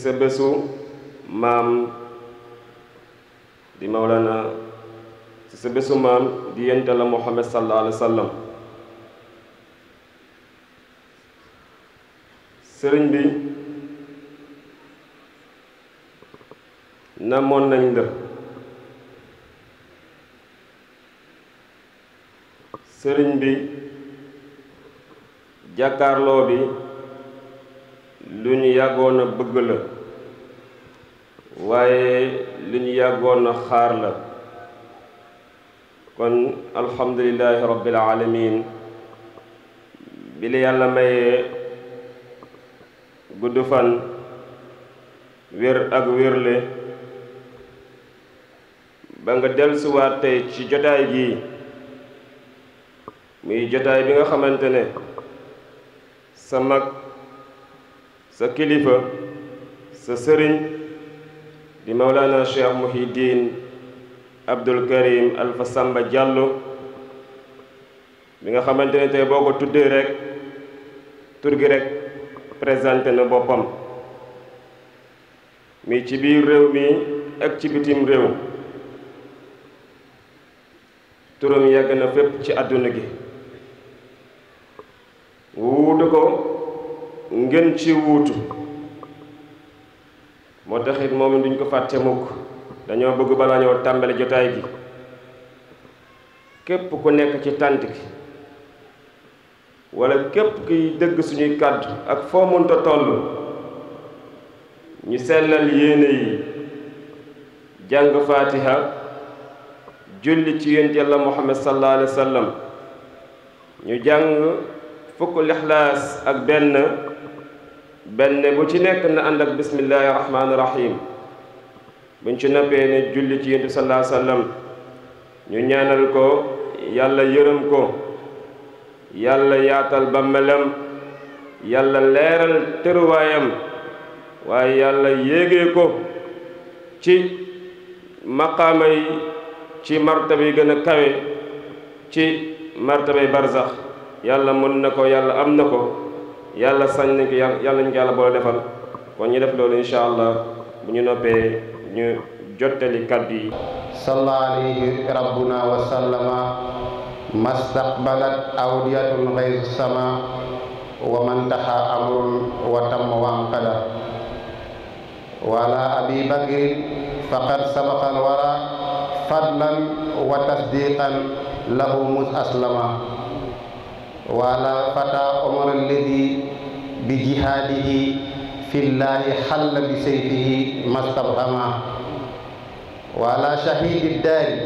sa bésu maam di mawlana ci sa bésu maam di yente la Muhammad sallallahu alayhi wa sallam sëriñ bi namoon nañ la sëriñ bi jàkkaarloo bi lu ñu yàggoon na bëgg la waaye lu ñu yàggoon na xaar la kon alhamdulillahi rabbil alamin bi la yàlla mayee gudd fan wér ak wérle ba nga dellusiwaat tey ci jotaay gi muy jotaay bi nga xamante ne sa mag sa kilifa sa sëriñ di mawlana cheikh muhiddin abdul karim alfa samba jàllo bi nga xamante ne tey boo ko tuddee rekk tur gi rek présenté na boppam mi ci biir réew mi ak ci bitim réew turam yegg na fépp ci àdduna gi wuutu ko ngeen ci wutu moo taxit moom duñ ko fàtte mukk dañoo bëgg balaa ñoo tàmbale jotaay gi képp ku nekk ci tànt gi wala képp kiy dëgg suñuy kàddu ak foo mënta ñu sellal yéene yi jàng faatiha julli ci yonent Yàlla Muhammad sallallahu alayhi wa ñu jàng fukk lixlaas ak benn benn bu ci nekk na ànd ak bismillahi rahmaani rahim buñ ci noppee ne julli ci yonent bi sallallahu ñu ñaanal ko yàlla yërëm ko yàlla yaatal bàmmeelam yàlla leeral tëruwaayam waaye yàlla yéege ko ci maqaama yi ci martaba yi gën a kawe ci martabay barzax yàlla mën na ko yàlla am na ko yàlla sañ nañ ko yàlla nañ ko yàlla defal kon ñu def loolu incha allah bu ñu noppee ñu jottali kàddu yi salla alayhi rabbuna wa sallama mastaqbalat awdiyatun sama wa mantaha amrun wa tamma wa anqada wa ala abi bakrin faqad fadlan wa tasdiqan lahu mus aslama wala fata omar alladi bi jihaadihi fillahi xalla bi sayfihi mastabhama wala shahidi daari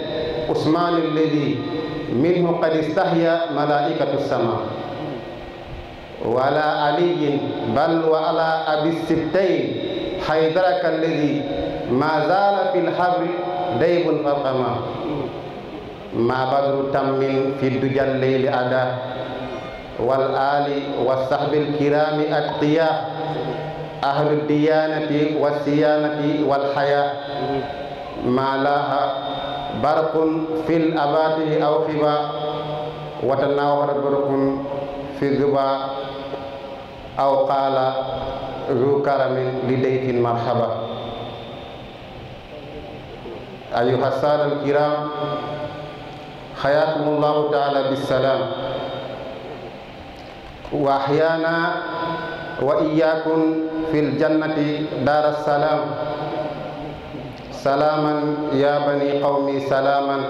usmaan alladi minhu qad istahya malaikatu sama wala aliyin bal wa ala abi sibtayn haydaraka alladi ma zaala fi lhabri daybun farqama ma badru tammin fi dujal leyli ada wal aali wa sahbil kiraami atqiyaa ahlu diyaanati wa siyaanati wal xayaa maa laaha barqun fil abaatili aw xibaa wa tanaawara barqun fi gibaa aw qaala zu karamin li dayfin marhaba ayuha saada alkiram xayaakum allahu taala bisalaam wa axyaana wa iyaakum fi ljannati daar assalaam salaaman ya bani qawmi salaaman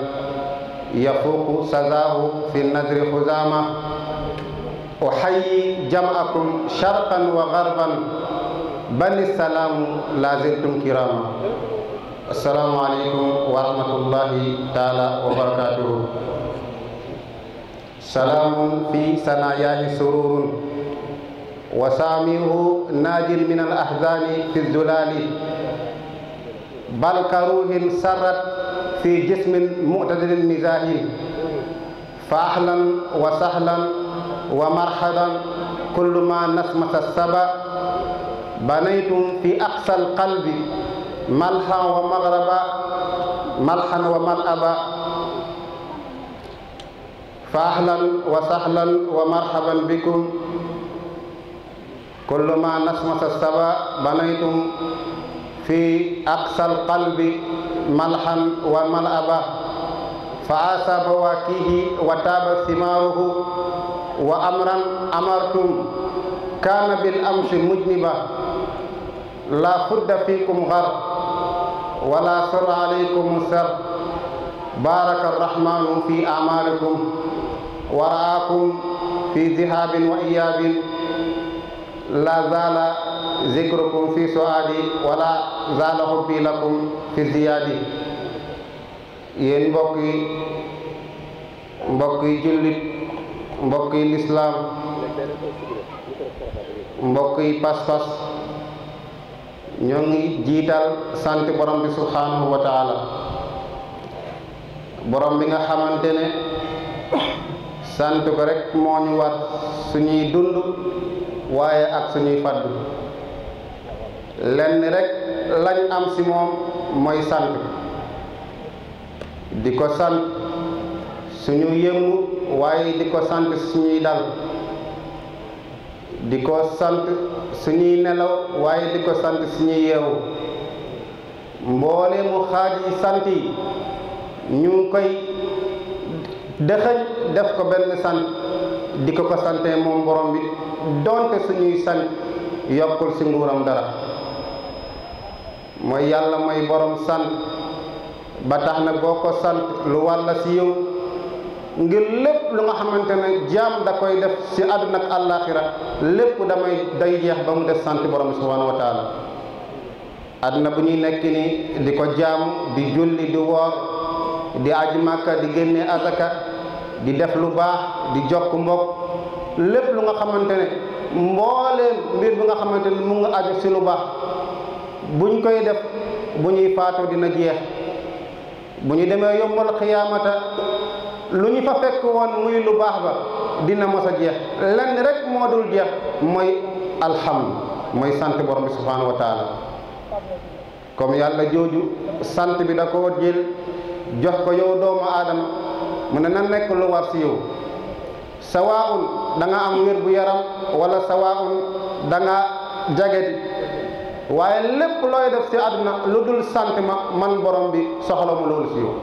yafuuqu sazaahu fi nadri xuzaama uxayi jam'akum sharqan wa garban bani salaamu laziltum kiraama assalaamu aleykum wa rahmatullahi taala wa barakatuhu salaamun fi sanaayahi sururun wa saamihu naajin min al ahzaani fi zulaali bal ka ruuhin sarrat fi jismin mu'tadilin mizaahin fa ahlan wa sahlan wa marhaban kullu ma nasmata saba banaytum fi aqsa al qalbi malhan wa maghraba malhan wa mal'aba fa ahlan wa sahlan wa marhaban bikum kullu ma nasmata saba banaytum fi aqsal qalbi malhan wa malaba fa asa bawakihi wa taba simaruhu wa amran amartum kana bil amsi mujniba la fudda fikum ghar wala sar alaykum sar بارك الرحمن في أعمالكم ورعاكم في ذهاب وإياب لا زال ذكركم في سؤالي ولا زال حبي لكم في زيادي yéen mbokk yi mbokk yi jullit mbokk lislaam mbokk pas-pas ñoo ngi jiital sant borom bi wa taala borom bi nga xamante ne sant ko rekk moo ñu war suñuy dund waaye ak suñuy fàddu lenn rekk lañ am ci moom mooy sant di ko sant suñu yëngu waaye di ko sant suñuy dal di ko sant suñuy nelaw waaye di ko sant suñuy yeewu mboole mu xaaj yi sant yi ñu koy dëxëñ def ko benn sant di ko ko sante moom borom bi doonte suñuy sant yokkul ci nguuram dara mooy yàlla mooy borom sant ba tax na boo ko sant lu war la ci yow ngir lépp lu nga xamante ne jaam da koy def ci àdduna ak àllaaxira lépp damay day jeex ba mu def sant borom bi subhaanahu àdduna bu ñuy nekk nii di ko jaam di julli di woor di aju màkka di génne azaka di def lu baax di jokk mbokk lépp lu nga xamante ne mbooleem mbir bi nga xamante ne mu nga aju si lu baax buñ koy def bu ñuy faatu dina jeex bu ñu demee yombal xiyaamata lu ñu fa fekk woon muy lu baax ba dina mos a jeex lenn rek moo dul jeex mooy alhamdu mooy sant borom bi subhaanahu comme yàlla jooju sant bi da koo jël jox ko yow doomu aadama mu ne na nekk lu war si yow sawaaun da nga am wér bu yaram wala sawaaun danga jage jagedi waaye lépp looy def ci àdduna lu dul sant ma man borom bi soxla mu loolu si yow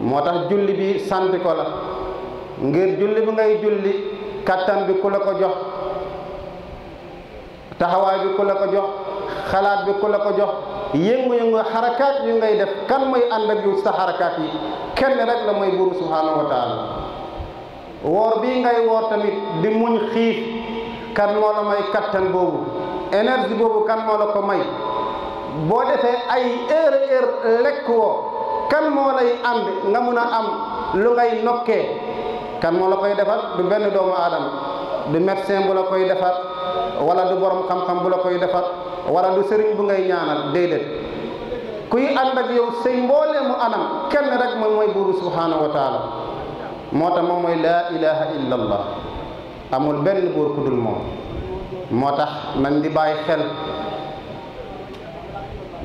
moo tax julli bi sant ko la ngir julli bi ngay julli kàttan bi ku la ko jox taxawaay bi ku la ko jox xalaat bi ku la ko jox yëngu-yëngu xarakaat yu ngay def kan mooy ànd ak yow sa xarakaat yi kenn rek la mooy buuru subhaanahu wa taala woor bii ngay woor tamit di muñ xiif kan moo la may kattan boobu énergie boobu kan moo la ko may boo defee ay heure heure lekk woo kan moo lay ànd nga mun a am lu ngay nokkee kan moo la koy defal du benn doomu aadama du médecin bu la koy defal wala du borom xam-xam bu la koy defar wala lu sëriñ bu ngay ñaanal déedéet kuy ànd ak yow sëy mboolee mu anam kenn rek moom mooy buuru subhaanahu wa moo tax moom mooy laa ilaha illa allah amul benn buur ku dul moom moo tax man di bàyyi xel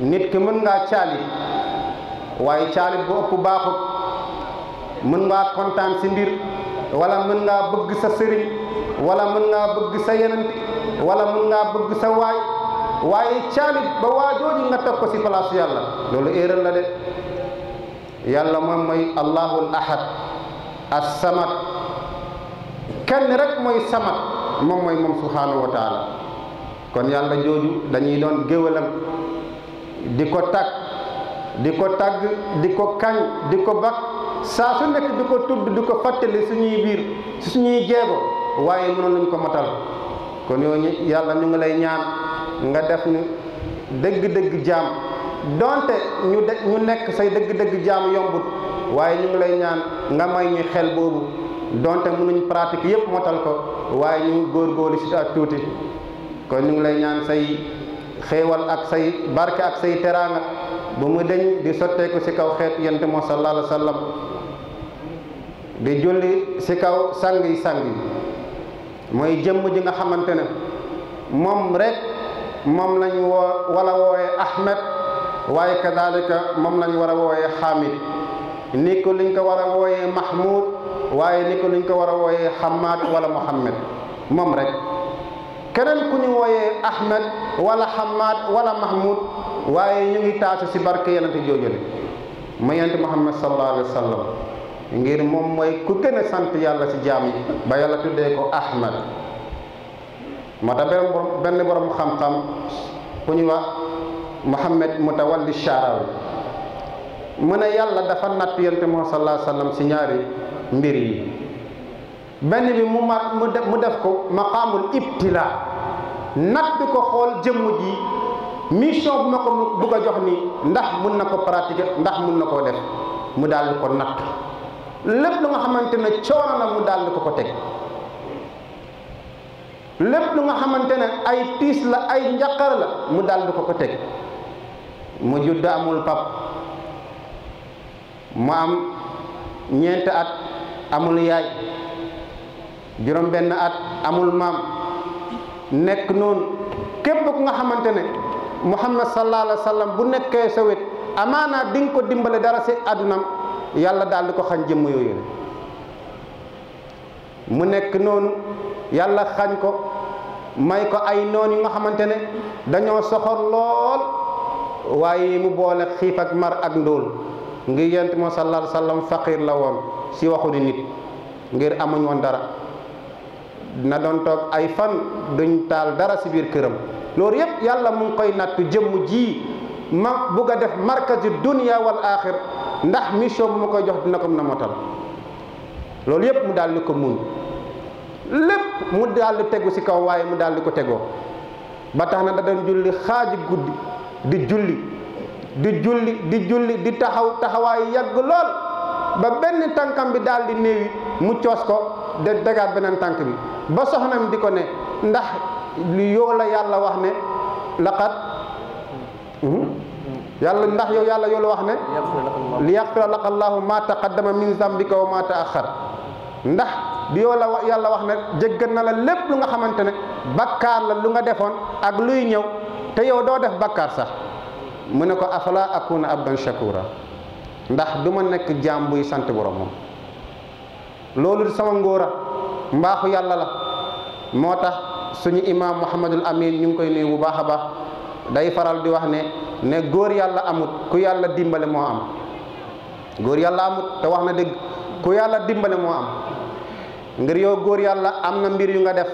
nit ki mën ngaa caali waaye caalit bu ëpp baaxut mën ngaa kontaan si mbir wala mën ngaa bëgg sa sëriñ wala mën ngaa bëgg sa yeneen wala mën ngaa bëgg sa waay waaye caalit ba waajooji nga teg ko si place yàlla loolu éeral la de yàlla moom mooy allahul a assamad kenn rek mooy samad moom mooy moom subhaanahu wa kon yàlla jooju dañuy doon géwalam di ko takk di ko tàgg di ko kañ di ko bak saa su nekk di ko tudd di ko fàttali suñuy biir suñuy jeego waaye mënoon nañu ko matal kon yooyu yàlla ñu ngi lay ñaan nga def ñu dëgg-dëgg jaam donte ñu de ñu nekk say dëgg-dëgg jaam yombut waaye ñu lay ñaan nga may ñu xel boobu donte mënuñ pratique yépp motal ko waaye ñu góor góorgóorlu si ak tuuti kon ñu ngi lay ñaan say xéewal ak say barke ak say teraanga bu mu deñ di sotteeku si kaw xeet yent moo sallallahu alayhi wa sallam di julli si kaw sang yi sang yi mooy jëmm ji nga xamante ne moom rekk moom lañ woo wala wooyee Ahmed waaye ka kadalika moom lañu war a wooyee Hamid ni ko liñ ko war a wooyee Mahmoud waaye ni ko ko war a wooyee Hamad wala Mohammed moom rek keneen ku ñu wooyee Ahmed wala Hamad wala Mahmoud waaye ñu ngi taasu si barke yonente joojale mu yonente Muhammad sallallahu alayhi wa sallam ngir moom mooy ku gën a sant yàlla ci jaam yi ba yàlla tuddee ko Ahmed moo tax benn benn borom xam-xam ku ñu wax Muhammad Mutawalli Sharawi mu ne yàlla dafa natt yonte moom sallallahu alayhi wasallam si ñaari mbir yi benn bi mu ma mu def mu def ko maqaamul ibtila natt ko xool jëmm ji mission bu ma ko bugg a jox ni ndax mun na ko pratiquer ndax mun na koo def mu daal di ko natt lépp lu nga xamante ne coono la mu daal di ko ko teg lépp lu nga xamante ne ay tiis la ay njaqar la mu daal ko ko teg mu judd amul pap mu am ñeent at amul yaay juróom benn at amul maam nekk noonu képp ku nga xamante ne muhammad sallallahu alayhi wa sallam bu nekkee sa wet amaanaa di nga ko dimbale dara si àddunam yàlla daal di ko xañ jëmm yooyu mu nekk noonu yàlla xañ ko may ko ay noon yu nga xamante ne dañoo soxor lool waaye mu boole xiif ak mar ak ndóol ngir yent moo sallallahu alayhi wasallam la woon si waxu di nit ngir amuñ woon dara na doon toog ay fan duñ taal dara si biir këram loolu yépp yàlla mu ngi koy natt jëmm ji ma bugg a def markazu dunya wal axir ndax mission bu ma koy jox dina ko mën a motal loolu yépp mu daal di ko muñ lépp mu daal tegu ci kaw waaye mu daal di ko tegoo ba tax na da doon julli xaaji guddi di julli di julli di julli di taxaw taxawaayu yàgg lool ba benn tànkam bi daal di néewi mu coos ko de degaat beneen tànk bi ba soxnam di ko ne ndax yow la yàlla wax ne laqat yàlla ndax yow yàlla yow la wax ne li yaqfira laka allahu ma taqaddama min kaw wa ma taaxar ndax di yow la yàlla wax na jéggal na la lépp lu nga xamante ne bakkaar la lu nga defoon ak luy ñëw te yow doo def bakkaar sax mu ne ko afala akuna ab shakura ndax du nekk jaam buy sant borom moom loolu di sama ngóora mbaaxu yàlla la moo tax suñu imaam muhammadul amin ñu ngi koy nuyu bu baax a baax day faral di wax ne ne góor yàlla amut ku yàlla dimbale moo am góor yàlla amut te wax na dégg ku yàlla dimbale moo am ngir yow góor yàlla am na mbir yu nga def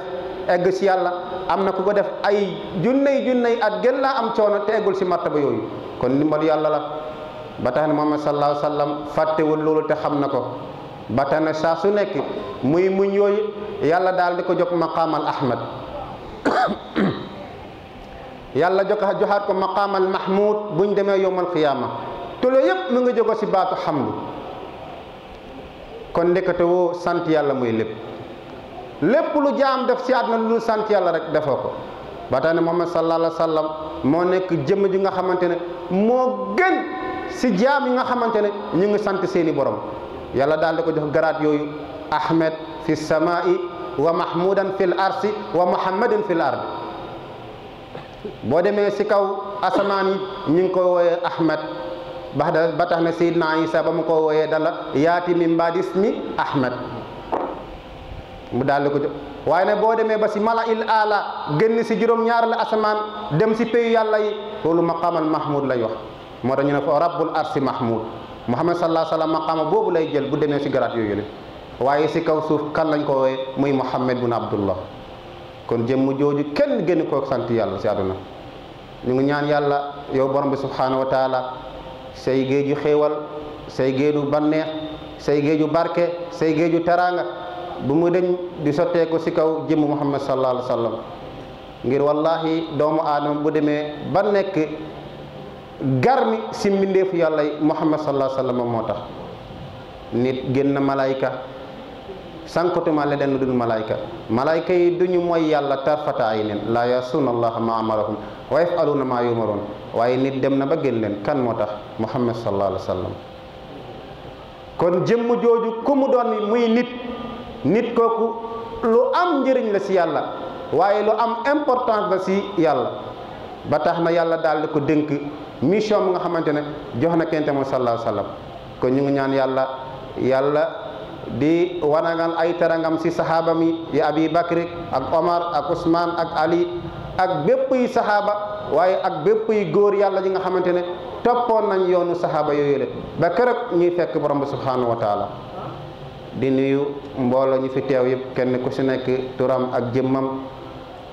egg si yàlla am na ku ko def ay junney junney at gën laa am coono te eggul si martaba yooyu kon ndimbal yàlla la ba tax na Muhammad fàttewul loolu te xam na ko ba saa su nekk muy muñ yooyu yàlla daal di ko jox maqaamal ahmad yàlla jox joxaat ko maqaamal mahmud buñ demee yowmal qiyaama te loolu yépp mu ngi jógo si baatu xamdu kon ndekete woo sant yàlla mooy lépp lépp lu jaam def si àdduna lu sant yàlla rek defoo ko ba tax ne Muhammad sallallahu alayhi wa sallam moo nekk jëmm ji nga xamante ne moo gën ci jaam yi nga xamante ne ñu ngi sant seeni borom yàlla daal di ko jox garaat yooyu ahmed fi samaa'i wa mahmudan fil arsi wa muhammadin fil ard boo demee ci kaw asamaan yi ñu ngi koy wooyee ahmed bax da ba tax na Seydina Isa ba mu ko wooyee dala yaati min baadi ismi Ahmad mu daal di ko jox waaye ne boo demee ba si mala il ala génn si juróom-ñaar la asamaan dem si pays yàlla yi loolu maqaamal mahmud lay wax moo tax ñu ne fa rabbul arsi mahmud muhammad sallallahu alayhi wa sallam maqaama boobu lay jël bu demee si garaat yooyu waaye si kaw suuf kan lañ ko wooyee muy muhammad bun abdullah kon jëmm jooju kenn génn koo sant yàlla si àdduna ñu ngi ñaan yàlla say géeju xéewal say géeju banneex say géeju barke say géeju teraanga bu mu deñ di sottee ci kaw jëmm muhammad sallallahu alayhi wa sallam ngir wallahi doomu aadama bu demee ba nekk garmi ci mbindeefu yàlla yi muhammad sallallahu alayhi wa sallam moo tax nit génn malayka sànkutuma leneen lu dul malaayka malaayka yi du ñu mooy yàlla tarfata ay nen laa yasuuna allaha ma amarahum wa yafaluuna maa yumaroon waaye nit dem na ba gën leen kan moo tax muhammad sallallahu alayhi wa sallam kon jëmm jooju ku mu doon muy nit nit kooku lu am njëriñ la si yàlla waaye lu am importance la si yàlla ba tax na yàlla daal di ko dénk mission bu nga xamante ne jox na kente moom sallallahu alayhi wa kon ñu ñaan yàlla yàlla di wanagal ay terangam ci saxaaba mi yi abi ak omar ak ousmane ak ali ak bépp yi sahaaba waaye ak bépp yi góor yàlla ñi nga xamante ne toppoon nañ yoonu saxaaba yooyu le ba keroog ñuy fekk borom bi subhanahu wa di nuyu mbooloo ñu fi teew yëpp kenn ku si nekk turam ak jëmmam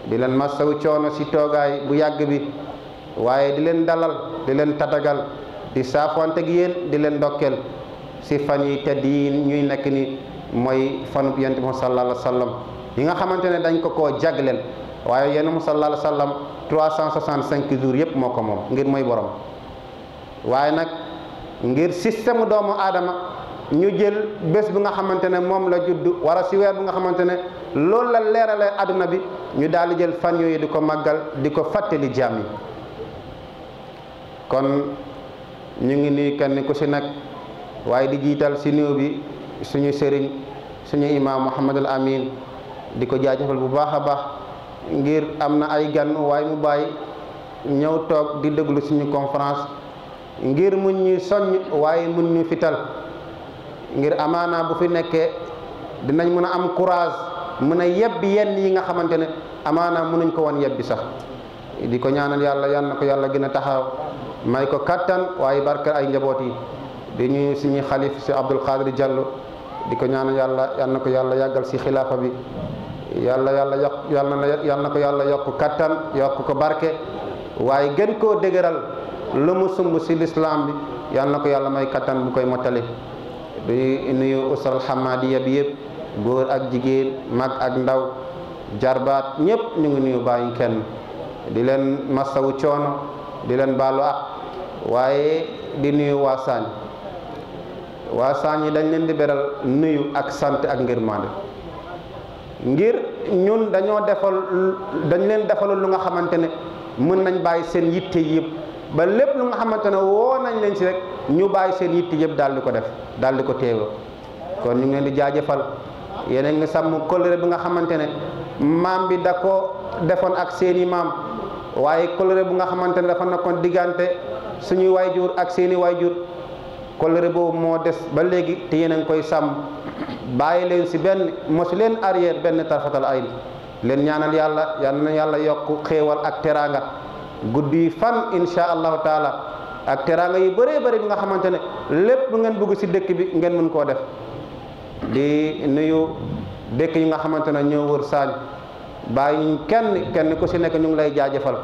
di leen masawu coono si toogaay bu yàgg bi waaye di leen dalal di leen tatagal di saafoante gi yéen di leen ndokkeel si fan yi tedd yi ñuy nekk nii mooy fanub yonent bi sallallahu alayhi wa yi nga xamante ne dañ ko koo jagleel waaye yonent bi sallallahu alayhi wa sallam 365 jours yëpp moo ko moom ngir mooy borom waaye nag ngir système doomu aadama ñu jël bés bi nga xamante ne moom la judd wara si weer bi nga xamante ne loolu la leerale àdduna bi ñu daal di jël fan yooyu di ko màggal di ko fàttali jaam yi kon ñu ngi nii kenn ku si nekk waaye di jiital si néew bi suñu sëriñ suñu imaam Mouhamadul Amin di ko jaajëfal bu baax a baax ngir am na ay gan waaye mu bàyyi ñëw toog di déglu suñu conférence ngir mun ñu soññ waaye mun ñu fital ngir amaana bu fi nekkee dinañ mën a am courage mun a yebbi yenn yi nga xamante ne amaana mënuñ ko woon yebbi sax di ko ñaanal yàlla yal na ko yàlla gën a taxaw may ko kattan waaye barkal ay njaboot yi di ñuy suñu xalif si Abdul Qadir Diallo di ko ñaan yàlla yal na ko yàlla yàggal si xilaafa bi yàlla yàlla yokk yàlla na yàlla na ko yàlla yokk kattan yokk ko barke waaye gën koo dëgëral lu mu sumb si lislaam bi yàlla na ko yàlla may kattan bu koy mottali di nuyu usral xamaadiya bi yëpp góor ak jigéen mag ak ndaw jarbaat ñëpp ñu ngi nuyu bàyyi kenn di leen masawu coono di leen baalu ak waaye di nuyu waa waa saañ yi dañ leen di beral nuyu ak sant ak ngir mande ngir ñun dañoo defal dañ leen defalul lu nga xamante ne mën nañ bàyyi seen yitte yëpp ba lépp lu nga xamante ne woo nañ leen si rek ñu bàyyi seen yitte yëpp daal di ko def daal di ko teewoo kon ñu leen di jaajëfal yeneen a ngi sàmm kóllëre bi nga xamante ne maam bi da ko defoon ak seeni maam waaye kóllëre bu nga xamante ne dafa kon diggante suñuy waayjur ak seeni waayjur kóllëre boobu moo des ba léegi te yéen koy sàmm bàyyi leen si benn mosu leen arrière benn tarfatal ay leen ñaanal yàlla yal na yàlla yokk xéewal ak teraanga guddi fan insha allahu taala ak teraanga yu bëree bëri bi nga xamante ne lépp ngeen bëgg si dëkk bi ngeen mun koo def di nuyu dëkk yi nga xamante ne ñoo wër saañ bàyyi kenn kenn ku si nekk ñu ngi lay jaajëfal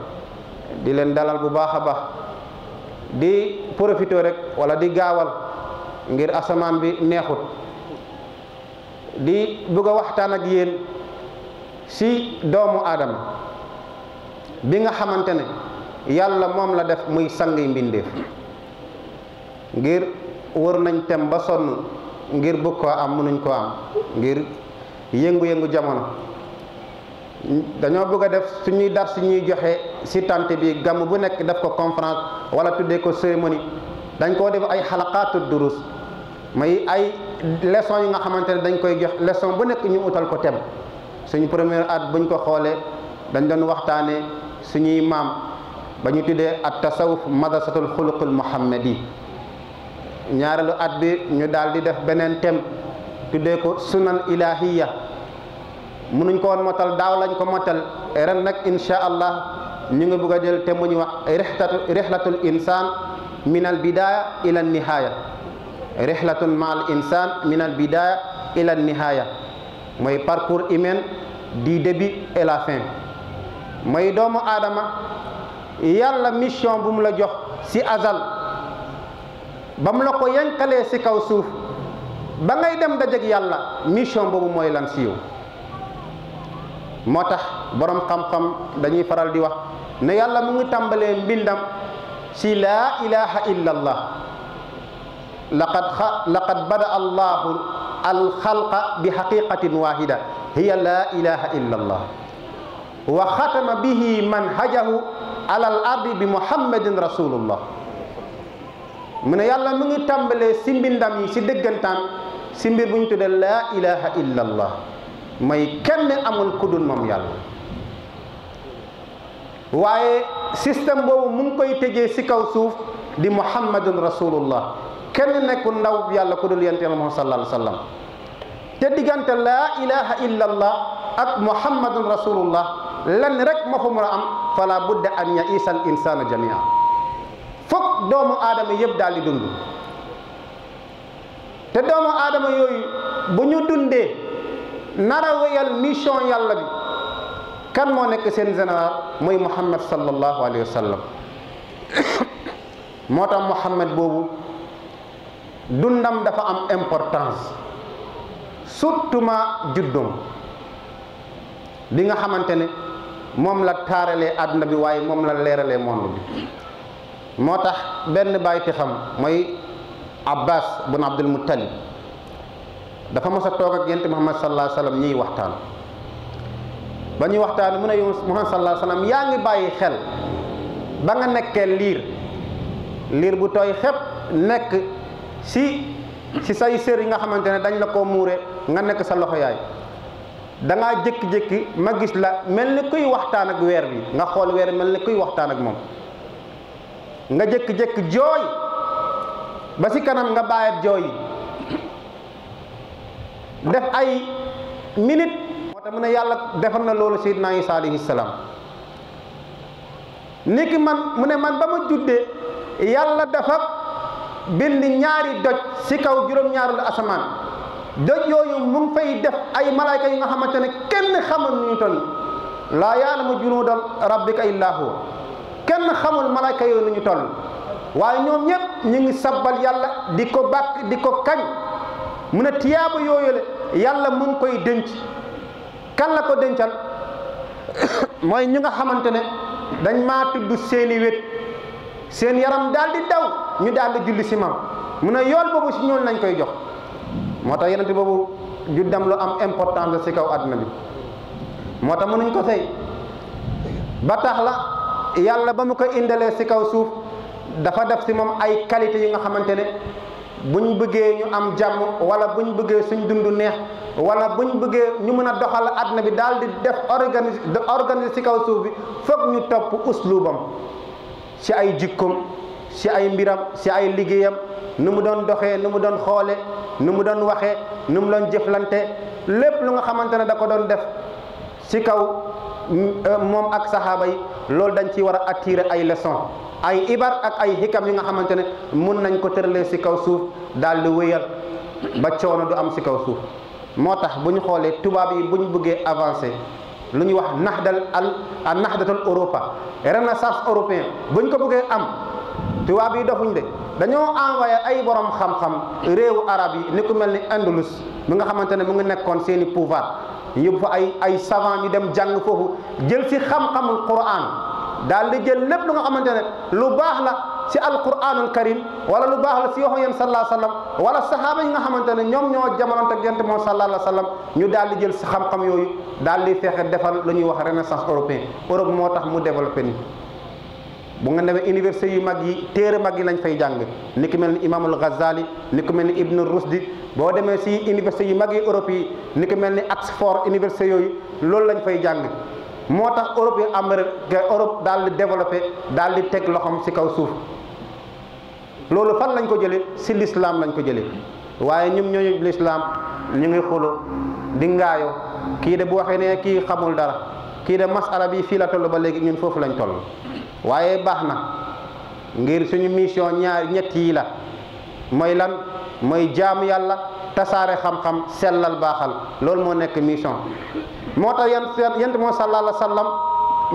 di leen dalal bu baax a baax. di profité rek wala di gaawal ngir asamaan bi neexut di bëgg a waxtaan ak yéen si doomu aadama bi nga xamante ne yàlla moom la def muy sangi mbindeef ngir wër nañ tem ba sonn ngir bëgg koo am mënuñ koo am ngir yëngu-yëngu jamono dañoo bëgg a def suñuy dar suñuy joxe si tante bi gàmm bu nekk def ko conférence wala tuddee ko cérémonie dañ koo def ay xalaqaatu durus may ay leçon yi nga xamante ne dañ koy jox leçon bu nekk ñu utal ko tem suñu première at buñ ko xoolee dañ doon waxtaanee suñuy maam ba ñu tuddee at tasawuf madrasatul xuluqul muhammadi ñaareelu at bi ñu daal di def beneen tem tuddee ko sunan ilahiya munuñ ko woon motal daaw lañ ko motal ren nag incha allah ñu ngi bëgg a jël te mu ñu wax rihlatul insaan min al bidaaya ila an nihaaya rihlatun ma al insaan min al bidaaya ila an nihaaya mooy parcours humain di début et la fin mooy doomu aadama yàlla mission bu la jox si azal ba mu la ko yankalee si kaw suuf ba ngay dem dajeg yàlla mission boobu mooy lan siiw moo tax borom xam-xam dañuy faral di wax ne yàlla mu ngi tàmbalee mbindam si laa ilaha illa allah laqad laqad bada allahu alxalqa bi xaqiqatin wahida hiya laa ilaha wa xatama bihi manhajahu ala al bi muhammadin rasulullah mu ne yàlla mu ngi tàmbalee si mbindam yi si dëggantaan si mbir bu ñu tuddee laa ilaha mooy kenn amul ku dul moom yàlla waaye système boobu mu koy tëjee ci kaw suuf di muhammadun rasulullah kenn nekkul ndaw yàlla ku dul yonent Muhammad sallallahu alayhi wa sallam te diggante la ilaha illa allah ak muhammadun rasulullah lenn rek ma fa mën a am fala budda an ya isa al insana jamia foog doomu aadama yëpp daal di dund te doomu aadama yooyu bu ñu dundee nar a wéyal mission yàlla bi kan moo nekk seen général mooy Muhammad sallallahu alayhi wa sallam moo tax Muhammad boobu dundam dafa am importance surtout ma bi nga xamante ne moom la taaralee àdduna bi waaye moom la leeralee monde bi moo tax benn bàyyiti xam mooy Abbas bun Abdul Muttalib dafa mos a toog ak yonent Muhammad sallallahu alayhi waxtaan ba ñuy waxtaan mu ne yow Muhammad sallallahu alayhi yaa ngi bàyyi xel ba nga nekkee liir liir bu tooy xepp nekk si si say sër yi nga xamante ne dañ la ko muure nga nekk sa loxo yaay da ngaa jékki ma gis la mel ni kuy waxtaan ak weer bi nga xool weer mel ni kuy waxtaan ak moom nga jëkk jékki jooy ba si kanam nga bàyyi jooy yi def ay minute moo mu ne yàlla defar na loolu Seydina Isa alayhi salaam niki man mu ne man ba ma juddee yàlla dafa bind ñaari doj si kaw juróom-ñaaru la asamaan doj yooyu mu ngi fay def ay malaayka yi nga xamante ne kenn xamul nu ñu toll laa yaalamu junuuda rabbika illaa huwa kenn xamul malaayka yooyu nu ñu toll waaye ñoom ñëpp ñu ngi sabbal yàlla di ko bàkk di ko kañ mu ne tiyaaba yooyule yàlla mu koy denc kan la ko dencal mooy ñu nga xamante ne dañ maa tudd seeni wét seen yaram daal di daw ñu daal di julli si mam mu ne yool boobu si ñoon lañ koy jox moo tax yenente boobu juddam lu am important si kaw àdduna bi moo tax mënuñ ko sey ba tax la yàlla ba mu ko indalee si kaw suuf dafa def si moom ay qualité yi nga xamante ne bu ñu bëggee ñu am jàmm wala ñu bëggee suñ dund neex bu ñu bëggee ñu mën a doxal àdduna bi daal di def organise organise ci kaw suuf bi foog ñu topp uslubam ci ay jikkoom ci ay mbiram ci ay liggéeyam nu mu doon doxee nu mu doon xoole nu mu doon waxee nu mu doon jëflante lépp lu nga xamante ne da ko doon def ci kaw mm, euh, moom ak saxaaba yi loolu dañ ci war a attirer ay leçons ay ibar ak ay xikam yi nga xamante ne mun nañ ko tëralee si kaw suuf daal di wéyal ba coono du am si kaw suuf moo tax bu ñu xoolee tubaab yi bu ñu buggee avancé lu ñuy wax naxdal al naxdatul Europa renaissance européen bu ñu ko bëggee am tubaab yi dofuñ de dañoo envoyé ay borom xam-xam réewu arab yi ni ku mel ni Andalus mi nga xamante ne mu ngi nekkoon seeni pouvoir yëpp fa ay ay savant ñu dem jàng foofu jël si xam-xamul Qur'an. daal di jël lépp lu nga xamante ne lu baax la ci alquranul karim wala lu baax la si waxu yéen sallallahu alayhi wala saxaaba yi nga xamante ne ñoom ñoo jamonante ak yonent moom sallallahu alayhi wasallam ñu daal di jël si xam-xam yooyu daal di fexe defal lu ñuy wax renaissance européen Europe moo tax mu développé nii. bu nga demee université yu mag yi téere mag yi lañ fay jàng ni ku mel ni Imamul Ghazali ni ku mel ni Ibn Rusdi boo demee si université yu mag yi Europe yi ni ku mel ni Oxford université yooyu loolu lañ fay jàng. moo tax Europe yu Amérique Europe daal di développé daal di teg loxoom ci kaw suuf loolu fan lañ ko jëlee ci lislaam lañ ko jëlee waaye ñun ñooñu lislaam ñu ngi xulo di ngaayo kii de bu waxee ne kii xamul dara kii de masala bi fii la toll ba léegi ñun foofu lañ toll waaye baax na ngir suñu mission ñaari ñett yi la mooy lan mooy jaamu yàlla tasaare xam-xam sellal baaxal loolu moo nekk mission moo tax yan yent moo sallallaahu alayhi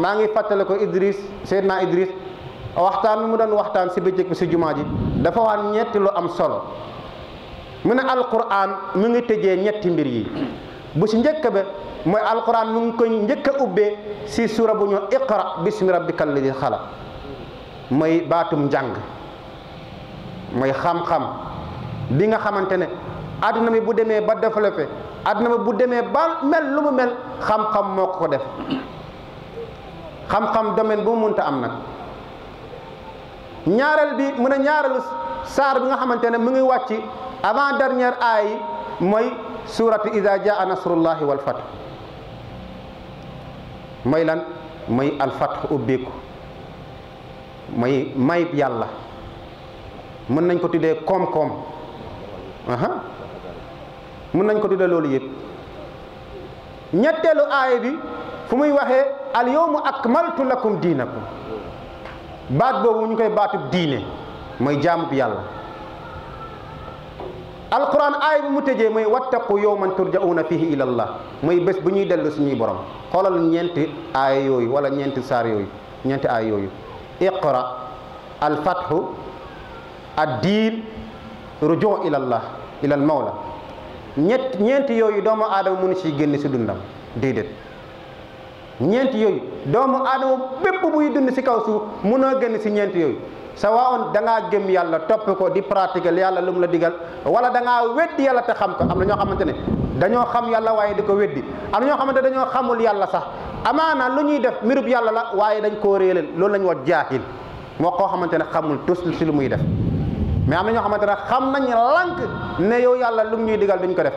maa ngi fàttale ko Idris Seydina Idris waxtaan mu doon waxtaan si bëccëg bi si jumaa ji dafa ñetti lu am solo mu ne alquran mu ngi tëjee ñetti mbir yi bu si njëkk ba mooy alquran mu ngi ko njëkk a si sura bu ñu iqra bismi rabbika alladi mooy baatum njàng mooy xam-xam bi nga xamante ne àdduna mi bu demee ba développé àdduna mi bu demee ba mel lu mu mel xam-xam moo ko def xam-xam domaine bu mu munta am nag ñaareel bi mu ne ñaareelu saar bi nga xamante ne mu ngi wàcc avant dernière aay mooy suuratu idaa jaa nasrullahi wal fat mooy lan mooy alfath ubbiku mooy mayib yàlla mën nañ ko tuddee koom-koom aha mun nañ ko tuddee loolu yëpp ñetteelu aaya bi fu muy waxee al yawma akmaltu lakum diinakum baat boobu ñu koy baatu diine mooy jaamub yàlla alquran aaya bi mu tëjee mooy wattaqu yawman turja'una fihi ila la mooy bés bu ñuy dellu suñuy borom xoolal ñeenti aaya yooyu wala ñeenti saar yooyu ñeenti aaya yooyu iqra al fathu ad diin rujuu ila allah mawla ñett ñeenti yooyu doomu aadama mënu ciy génn ci dundam déedéet ñeenti yooyu doomu aadama bépp buy dund ci kaw suuf mënoo génn ci ñeenti yooyu sa waa on da ngaa gëm yàlla topp ko di pratiquer yàlla lu mu la diggal wala da ngaa weddi yàlla te xam ko am na ñoo xamante ne dañoo xam yàlla waaye di ko weddi am na ñoo xamante dañoo xamul yàlla sax amaana lu ñuy def mbirub yàlla la waaye dañ koo réeral loolu la ñu wax jaahil moo koo xamante ne xamul tus si lu muy def mais am na ñoo xamante ne xam nañ lànk ne yow yàlla lum ñuy digal duñ ko def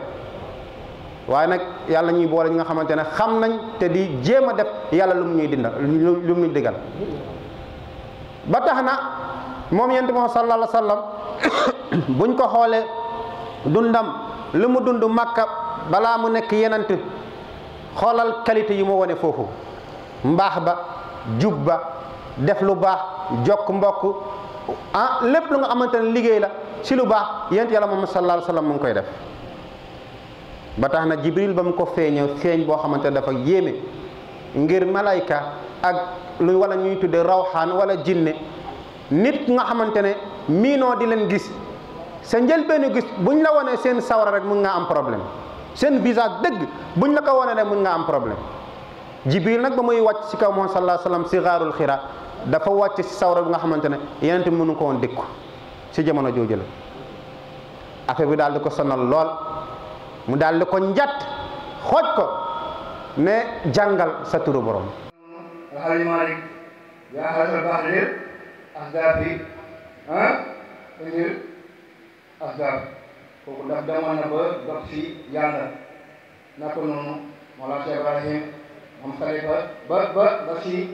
waaye nag yàlla ñuy boole ñi nga xamante ne xam nañ te di jéem a def yàlla lum ñuy dindal lum ñuy digal ba tax na moom yent moom sallallahu alayhi wa buñ ko xoolee dundam li mu dund màkka balaa mu nekk yenant xoolal qualité yi mu wone foofu mbaax ba jub ba def lu baax jokk mbokk ah lépp lu nga xamante ne liggéey la si lu baax yent yàlla moom sallallahu alayhi wa sallam mu ngi koy def ba tax na ko feeñoo feeñ boo xamante ne dafa yéeme ngir malayka ak lu wala ñuy tudde rawxaan wala jinne nit nga xamante ne miinoo di leen gis sa njëlbeenu gis buñ la wonee seen sawra rek mun nga am problème seen visage dëgg buñ la ko wonee rek mun nga am problème jibril nag ba muy wàcc si kaw moom sallallahu alayhi si xaarul xira dafa wàcc ci sawra bi nga xamante ne yeneen itam mënu ko woon dékku ci jamono jooju la affaire bi daal di ko sonal lool mu daal di ko njat xooj ko ne jàngal sa borom. waxal Malick yaa ah, xayma ba dox ba ba ba si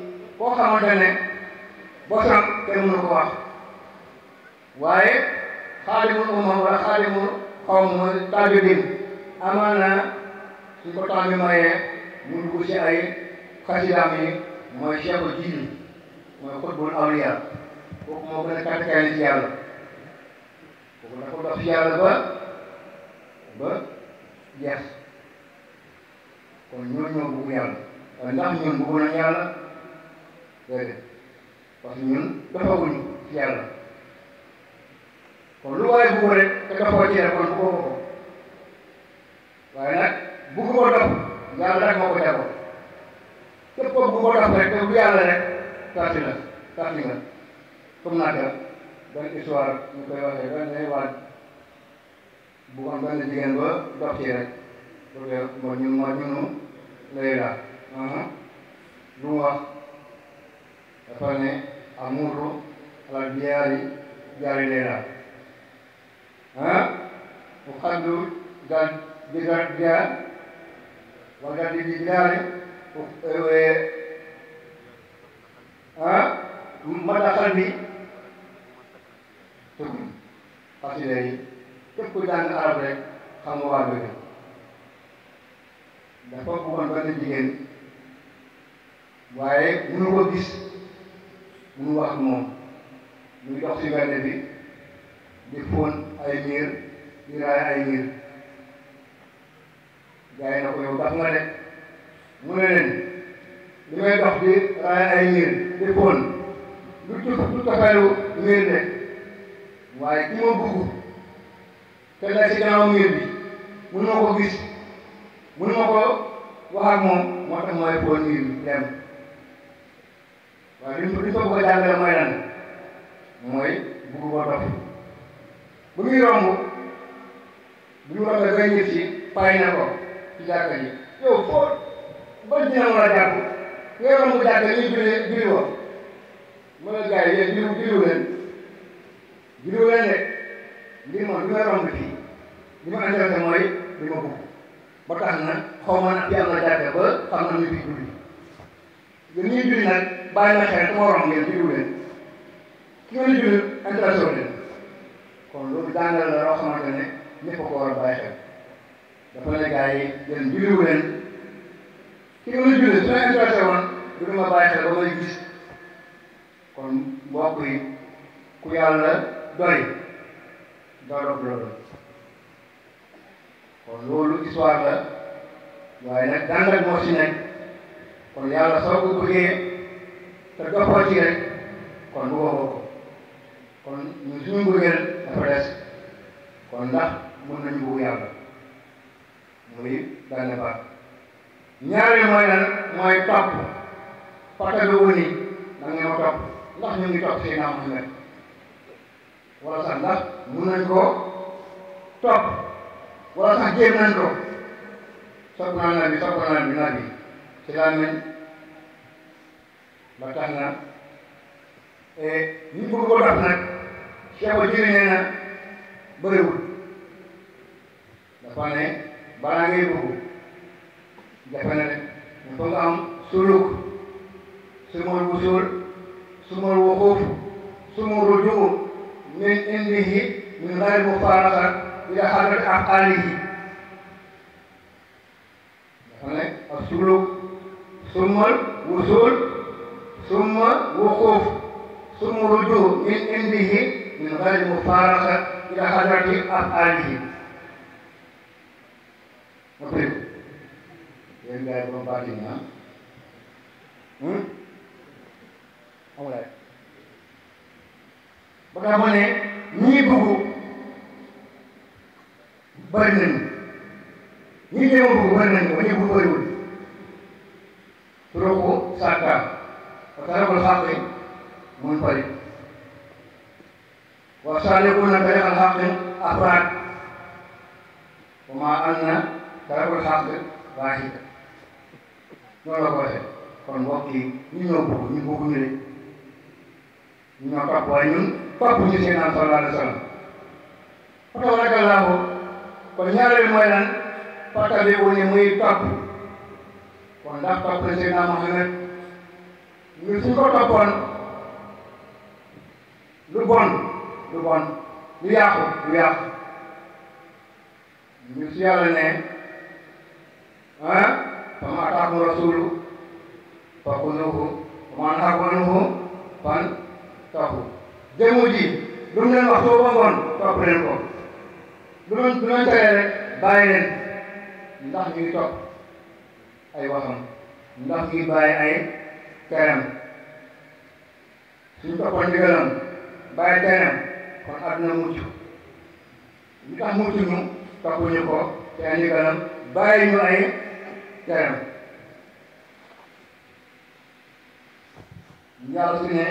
bosam kenn mënu ko wax waaye xaalimul umma wala xaalimul xawm mooy taajudin amaana suñ ko temps bi mu dugg ci ay xasidaam yi mooy cheikhu jili mooy xutbul awliya kooku moo gën a kàttakayni ci yàlla kooku dafa dox ci yàlla ba ba jeex kon ñoo ñoo bugg yàlla ndax ñun bugg nañ yàlla déedéet parce que ñun doxaguñu ci yàlla kon lu waaye bëgg rek te doxoo ci yàlla ko ko waaye nag bëgg ko dox yàlla rek ko jago ko ko dox rek te bu yàlla rek tàcc la tàcc nga comme nag benn histoire ñu koy waxee benn day waaj bu am benn jigéen ba dox ci rek pour que moo ñun moo ñunu lay daal lu mu amurru ala diyaari Galileya ah uqaddu gal bigardiya wa gadi bidiyaari eh, ah madaxalni tukki xasida yi képp ku jàng arab rek xam nga waa jóge dafa bëggoon benn jigéen waaye mënu ko gis mu wax moom ñu dox ci mbedd bi di fóon ay miir di raay ay miir gars yi na ko yow tax nga de mu ne leen li may dox di raay ay miir di fóon lu tuf lu tafalu miir de waaye ki ma bugg te la ci gannaaw miir bi mënu ma ko gis mënu ma ko wax ak moom moo tax mooy fóon miir bi dem waaw li li soo ko jàngale mooy lan mooy bugg boo dof bu muy romb bu ñu romb bay ñëw ci pay na ko ci jàkka ji yow foo ba dina mën a jàpp ngay romb bu jàkka ñuy julli julli woo mën a gars yi yéen julli julliwu leen julliwu leen rek mbir moom li may romb fii li ma intéressé mooy li ma bugg ba tax na xaw ma fi am na jàkka ba xam na ñu fi julli yéen ñuy julli nag bàyyi na xel ku waroon ngeen jiwu leen ki ngeen di jullit intéressé kon loolu jàngale la loo xamante ne ñëpp ko war a xel dafa ne gars yi yéen julliwu ki ngeen di jullit su la ma bàyyi xel ba may gis kon mbokk yi ku yàlla doy doo doog kon loolu histoire la waaye nag jàngal moo ci nekk kon yàlla soo te doxoo ci rek kon bu waxoo ko kon ñu suñu bëggeel dafa des kon ndax mën nañu bëgg yàlla muy benn baat ñaareel mooy lan topp fàttali wu ni da ngeen ma topp ndax ñu ngi topp Seydina Muhammad wala sax ndax mën nañ koo topp wala sax jéem nañ ko sopp naa nabi sopp naa nabi nabi ci laa mel ba tax na ko dox nag Cheikh ba jëriñee na bëriwul dafa ne balaa ngay bëgg jafe na de am suluk sumul wusul sumul wuxuuf sumul rujuu min indihi min xayri mufaaraqa ila xadrati aqaalihi dafa ne ak suluk sumul wusul summa wuquuf summa rujuu min indihi min xayri mufaaraqa ila xadrati afaalihi ma prim yéen gars yi borom parti ni ah hmm? amulaay ba tax ma ne ñii dugg bëri nañu ñii ñëw dugg bëri nañu ba ñii dugg bëriwul trop ko sàkkaam وطلب الحق منفرد والسالكون طريق الحق أفراد وما أن طلب الحق واحد noonu la ko waxee kon mbokk yi ñu ñoo bëgg ñu bëgg ñu de ñu ñoo topp waaye ñun topp ñu seen am sallallahu alayhi wa sallam fa tabarakallahu kon ñaareel mooy lan fàttali wu muy topp kon ndax topp na seen am Muhammad ñu suñ ko toppoon lu bon lu bon lu yàqu lu yàqu ñu si yàlla ne ah fama ataakum rasulu faqunuhu fama nahaakum anhu fan taxu jëmu ji lu mu leen wax soo ba ngoon topp leen ko lu doon lu doon tere rek bàyyi leen ndax ñu ngi topp ay waxam ndax ñu ngi ay teram suñ toppoon ndigalam bàyyi teram kon àdduna mucc li tax mucc ñu toppuñu ko te ndigalam bàyyi ñu ay teram yàlla su ne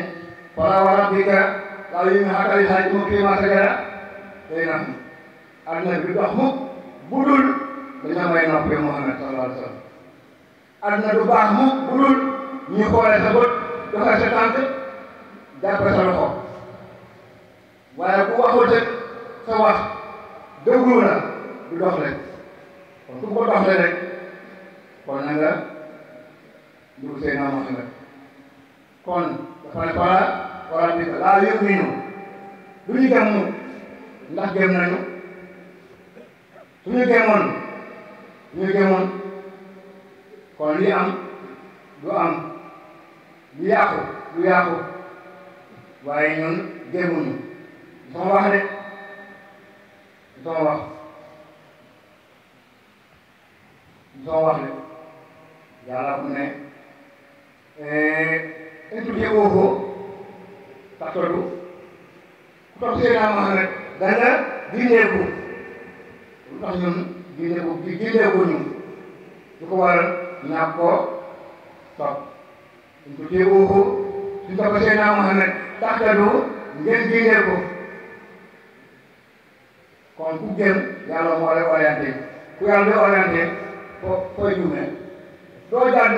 fala wa rabbika laa yu'minuuna hattaa yuhaakkimuu fiimaa shajara baynahum àdduna bi dox mukk budul dañoo may noppi Muhammad sallallahu alayhi wa sallam àdduna du baax mukk budul ñuy xoolee sa bët defar sa tànk jàppale sa waaye ku waxul te sa wax déglu na du dox kon ku ko doxee kon na nga dugg seen amoon nga kon dafa ne fala wala ni laa yu'minu du ñu gëm ndax gëm nañu su ñu gëmoon ñu kon li am du am. du yàqu du yàqu waaye ñun demuñu du sama wax de du sama wax du sama wax de yàlla ku ne eh, étudier woo ko tax todu ku topp Seydina Muhammad danga gindeeku lu tax ñun gindeeku gindeeku ñu su ko waral ñu ko téye woo suñ topp Seydina Muhammad taxtadu ngeen génnee ko kon ku gëm yàlla moo lay orienté ku yàlla lay orienté foo foo juumee doo jàdd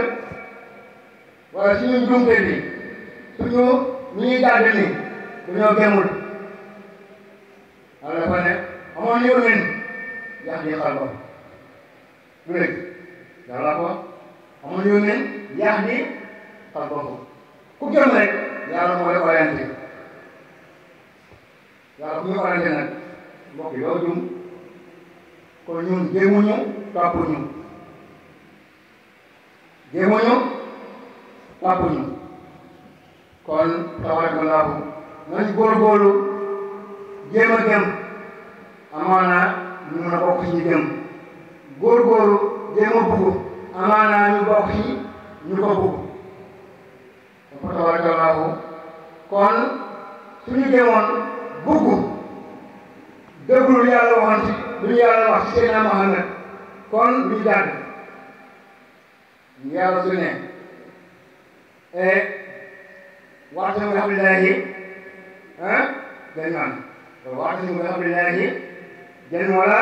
wala suñu njuumte bi suñu ñu ñuy jàdd ni dañoo gëmul wala dafa ne amoon ñu yumin yahdi xalba lu rek yàlla ko amoon yumin yahdi par ku gëm rek yàlla moo lay orienté yàlla bu ñu orienté nag mbokk yoo jum kon ñun jéemuñu toppuñu jéemuñu toppuñu kon tabarakallahu nañu góorgóorlu jéem a gëm amaana ñu mën a bokk ci ñu gëm góorgóorlu jéem a bugg amaana ñu bokk ci ñu ko bugg fa tabarakallahu kon suñu demoon bugg déglu lu yàlla waxoon ci lu yàlla wax ci Seydina Muhammad kon lu jàng yàlla su ne e, waxtu bi hablillahi ah jamii'an waxtu bi hablillahi jamii'an wala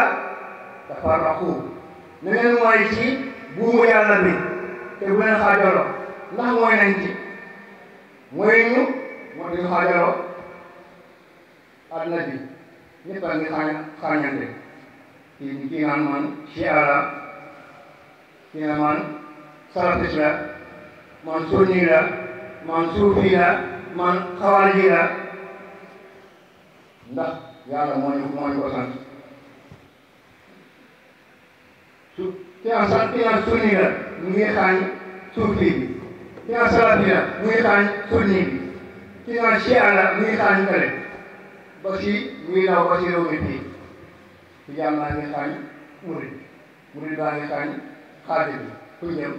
tafarraqu leneen mooy ci buumu yàlla bi te bu leen xaajaloo ndax mooy nañ ci moyeñu wonde haajaro aduna bi ñettange hañande kii kiinan man siara kiina man salafisla man sunnila man suufila man xawarijila ndax yàlla moo ñu moo ñu ko sant su kiinan sant kiinan sunnila mu ngi xaañ suufi bi ki nga salafina muy xaañ sunni bi ki nga chia la muy xaañ kale ba si muy daw ba si réew mi fii si jàmm naa ngi xaañ murid murid baa ngi xaañ xaadim bi ku ñëw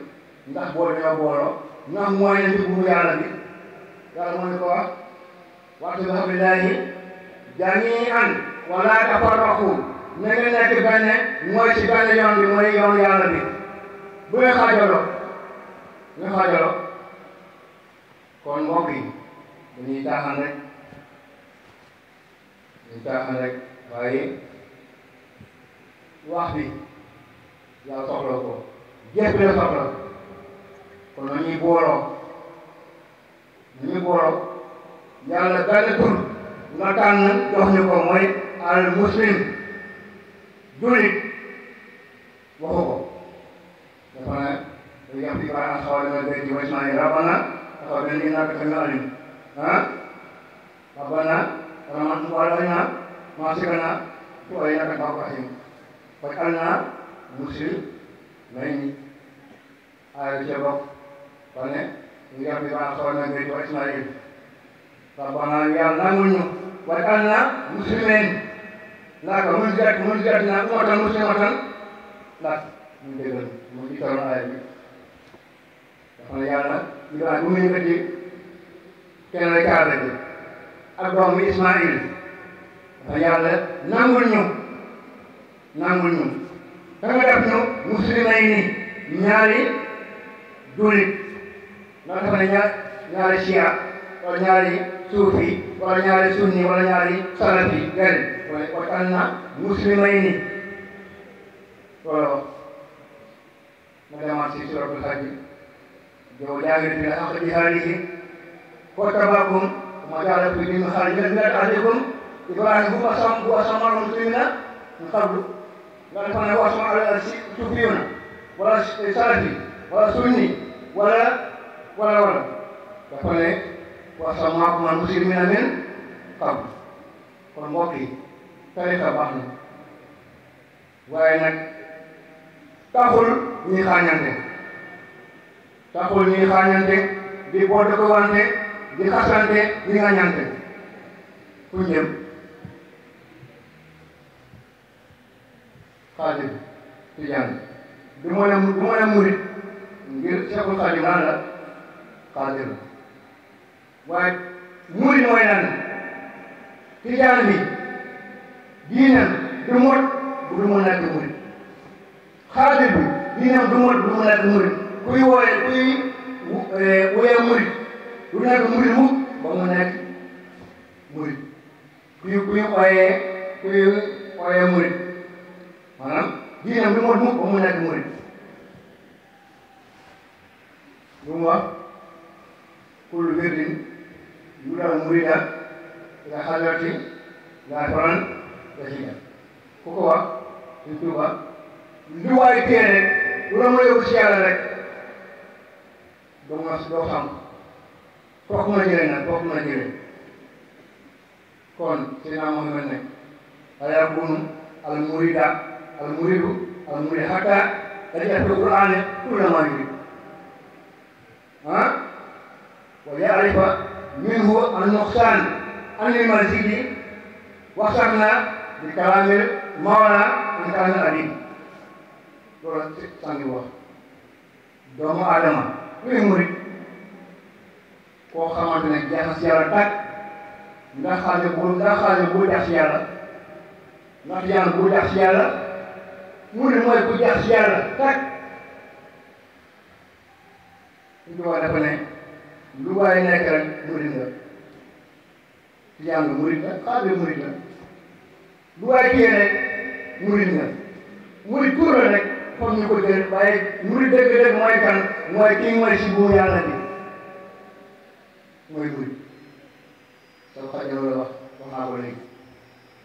ndax boo dañoo booloo ndax mooy ne bu yàlla bi yàlla moo ñu ko wax waxtu ba xam ne daal yi jami'an wala tafarraqu na nga nekk benn mooy ci benn yoon bi mooy yoon yàlla bi bu nga xaajaloo nga xaajaloo kon mbokk yi dañuy caaxaan rek dañuy caaxaan waaye wax bi yaa soxla ko kon na ñuy booloo na ñuy booloo yàlla benn tur nga tànn jox ñu al muslim jullit waxu ko dafa ne yax bi baa xawal na benn ji wa ismail rabbana taxaw mel ni nga naan nga alim ah rabbana ظلمنا أنفسنا وما سكنا وإنك أنت الرحيم واجعلنا مسلمين aaya bi ca bopp ba ne ñu yàq bi maanaam soxal nañ béy ba Ismaïl rabbana yàlla nangul ñu waj'alna muslimin laaka murjiat murjiatna ummatan muslimatan laak ñu déggal mu jiitaloon aaya bi dafa ne yàlla li nga xam ne mu ngi kenn rek kaar nañu ak doom bi Ismaïl dafa yàlla nangul ñu nangul ñu dama def ñu suufi wala ñaari sunni wala ñaari salafi gari wala wa tan na muslimayni loolu si suratul وجاهدوا بحق جهاده واتبعكم وما جعل في دين خارج من أهلكم إبراهيم هو أصم هو أصمرهم سنين من قبل لا تكون هو أصم على سفيون ولا سلفي ولا سني ولا ولا ولا تكون وأصمعكم المسلمين من قبل kon mbokk yi tarixa baax na waaye nag taxul ñuy xaañante taxul ñuy xaañante di boddekuwante di xasante di ngañante fu ñëm xaadim tijaan du ma ne du murit ngir Seexul Xaadim la xaadim waaye murit mooy naan tijaan bi diinam du mot bu du mën murit xaadim diinam du mot bu du mën murit kuy wooyee kuy eh, wooyee murit du nekk murit mu ba mu nekk murit kuy kuy wooyee kuy wooyee murit maanaam diine bi mot mu ba mu nekk murit lu mu wax kullu wirdin yu dal murida la xalati la toran la ci ku ko wax suñ tuuba lu waay téere lu la mën a yóbbu ci yàlla rek doo mën a doo xam kooku mën a jëlee nag kooku mën a jëlee kon ci naa moom mel ne al yakunu al murida al muridu al murida hatta ya'ti al qur'an kulla ma yurid ah wa ya'rifa minhu an nuqsan an al mazidi waxtarna bi kalamil mawla an kalamil adib loolu sàngi wax doomu aadama luy murit koo xamante ne na si yàlla tàkk ndax xaalis bu ndax xaalis bu jeex si yàlla ndax bu jeex si yàlla mooy bu jeex si yàlla tàkk suñu wax dafa ne lu waay rek murit la tijaan nga murit la xaalis murit la lu kii rek murit la murit tuur la rek. foog ñu ko jël waaye murid dëgg-dëgg mooy kan mooy kii mooy si buur yàlla bi mooy murid soo xajoo la wax wax naa ko léegi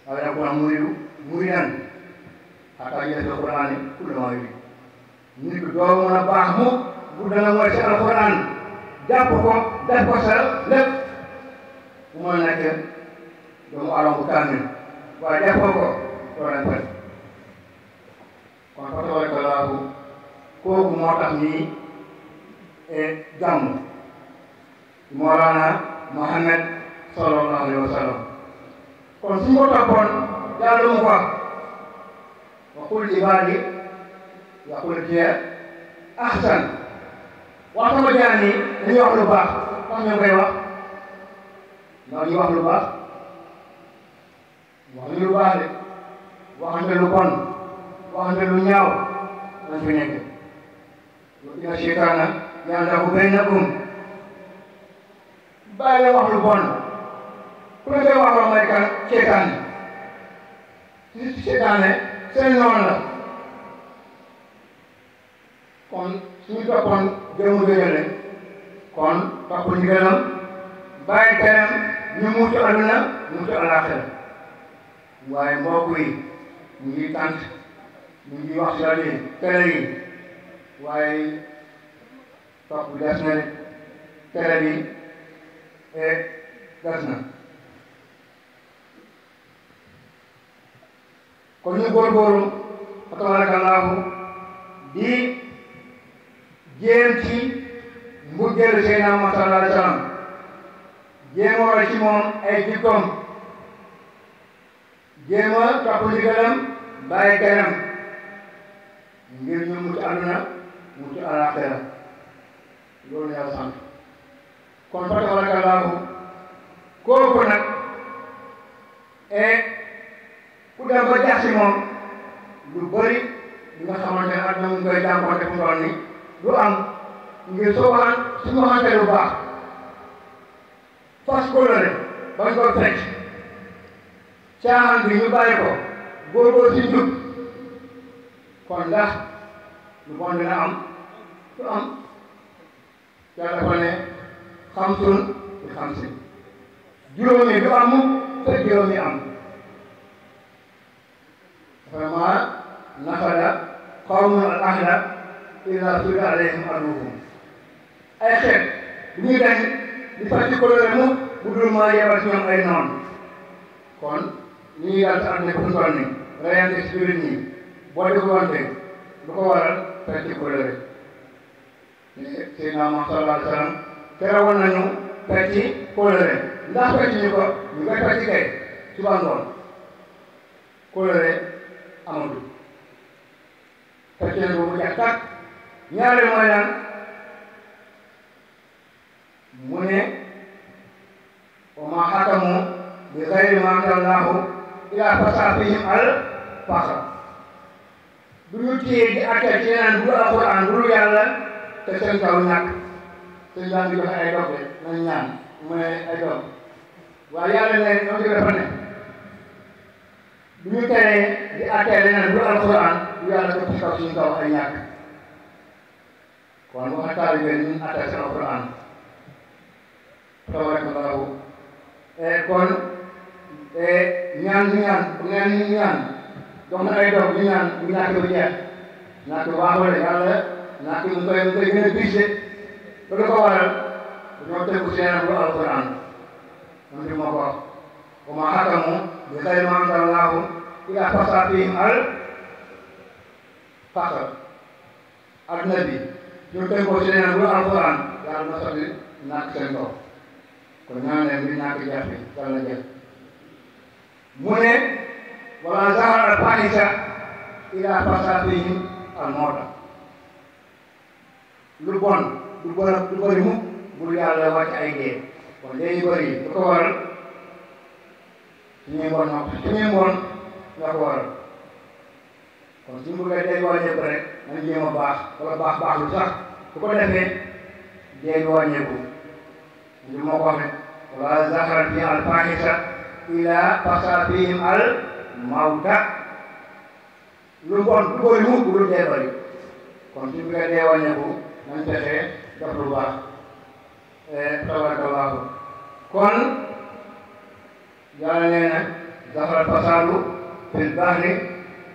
waaye nag kon muridu muridan xataa ñu def alquran ku la maa yuri nit ku doo mën a baax mu bu dana mooy si alquran jàpp ko def ko sa lépp bu mën a nekk doomu alam bu kaamil waaye def ko ko loolu kon fa tabarakallahu kooku moo tax nii eh, jàmm Mawlana Muhammad sallallahu alayhi wa sallam kon su ko toppoon yàlla mu wax wa qul ibaadi yaqul kee ahsan wax sama jaan yi dañuy wax lu baax wax ñu koy wax ndax ñu wax lu baax wax ñu lu baax de wax ñu lu waxante lu ñaaw lañ fi nekk inna seytaana yanzahu baynakum bàyyi la wax lu bon ku ne koy waxoon mooy kan seytaane si seytaane seen noonu la kon suñu toppoon jëmu dëgële kon topp ndigalam bàyyi teram ñu mucc àdduna mucc àllaaxira waaye mbokk yi ñu ngi tànt ñu ngi wax ci rajo yi télé waaye topp des na télé bi et na kon ñu góorgóorlu fa tabarakallahu di jéem ci mbuggeelu Seydina Muhammad sallallahu alayhi wa sallam jéem a war ci moom ay jikkoom jéem a topp ndigalam bàyyi teram ngir ñu mucc àdduna mucc àllaaxira loolu yàlla sant kon fa tabarakallahu kooku nag e ku dem ba jax si moom lu bëri li nga xamante ne àdduna mu ngi koy jànkoonte fu doon ni lu am ngir soo waxaan suñu waxante lu baax fas kóllëre bañ ko fecc caaxaan bi ñu bàyyi ko góorgóor si njub kon ndax lu bon am du am yàlla dafa ne xamsun bi xamsin juróomi du am te juróomi am vraiment nafada qawmun al ahda ila suda alayhim arruhum ay xeet bu ñuy gañ di fàtti coloré mu bu maa yebal si ñoom ay noon kon ñii yàlla sa àdduna ko toll ni rayante si boo defalante lu ko waral perte kóllëre Seydina Muhammad sallallahu alayhi wa sallam terewoon nañu perte kóllëre ndax perte ñu ko ñu koy perte kay suba ngoon kóllëre amatul perte nañu ko mu jeex tàkk ñaare mooy lan mu ne wa maa hakamu bi ghayri maa anzala Allaahu ilaa fasaa fihim al-fasl du ñu téye di àttal ci naan bu alxuraan bu dul yàlla te seen kaw ñàkk seen yaa ngi joxe ay doom de nañ ñaan mu ne ay doom waaye yàlla ne ñoom ci dafa ne du ñu teree di àttal ci naan bu alxuraan bu yàlla ko ci kaw suñu kaw ay ñàkk kon wax taal yi ñu àttal ci alxuraan taw rek baaxu kon eh, ñaan ñu ñaan ñaan ñu ñaan donc man ay doom ñu naan ñu ñàkk lu jeex ñàkk baaxoo de yàlla ñàkk lu koy lu koy gën a biise loolu ko waral dañoo tënku seen bu alquran man di moo ko wax wa ma xakamu bi xayri ma anzalallaahu ila fasa fihim al faqr adduna bi ñu tënkoo seen bu alquran yàlla na sotti ñàkk seen kaw kon ñaan leen bi ñàkk jeex bi yàlla na jeex mu ne wala zahara alfahisa ila fasadihim al mawta lu bon lu bon lu bëri mu bul yàlla wàcc ay dee kon léegi bëri lu ko waral suñuy mbon ma suñuy mbon la ko waral kon suñu bëggee dee wàññeeku rek nañ jéem a baax wala baax baax lu sax bu ko defee dee wàññeeku li moo ko waxee wala zahara fi alfahisa ila fasadihim al moom kat lu bon lu bëri mu lu dee bëri kon suñu bëggee dee wàññeeku nañ fexe def lu baax eh, tabarakallaahu kon yàlla nee na zahara fasadu fil bahri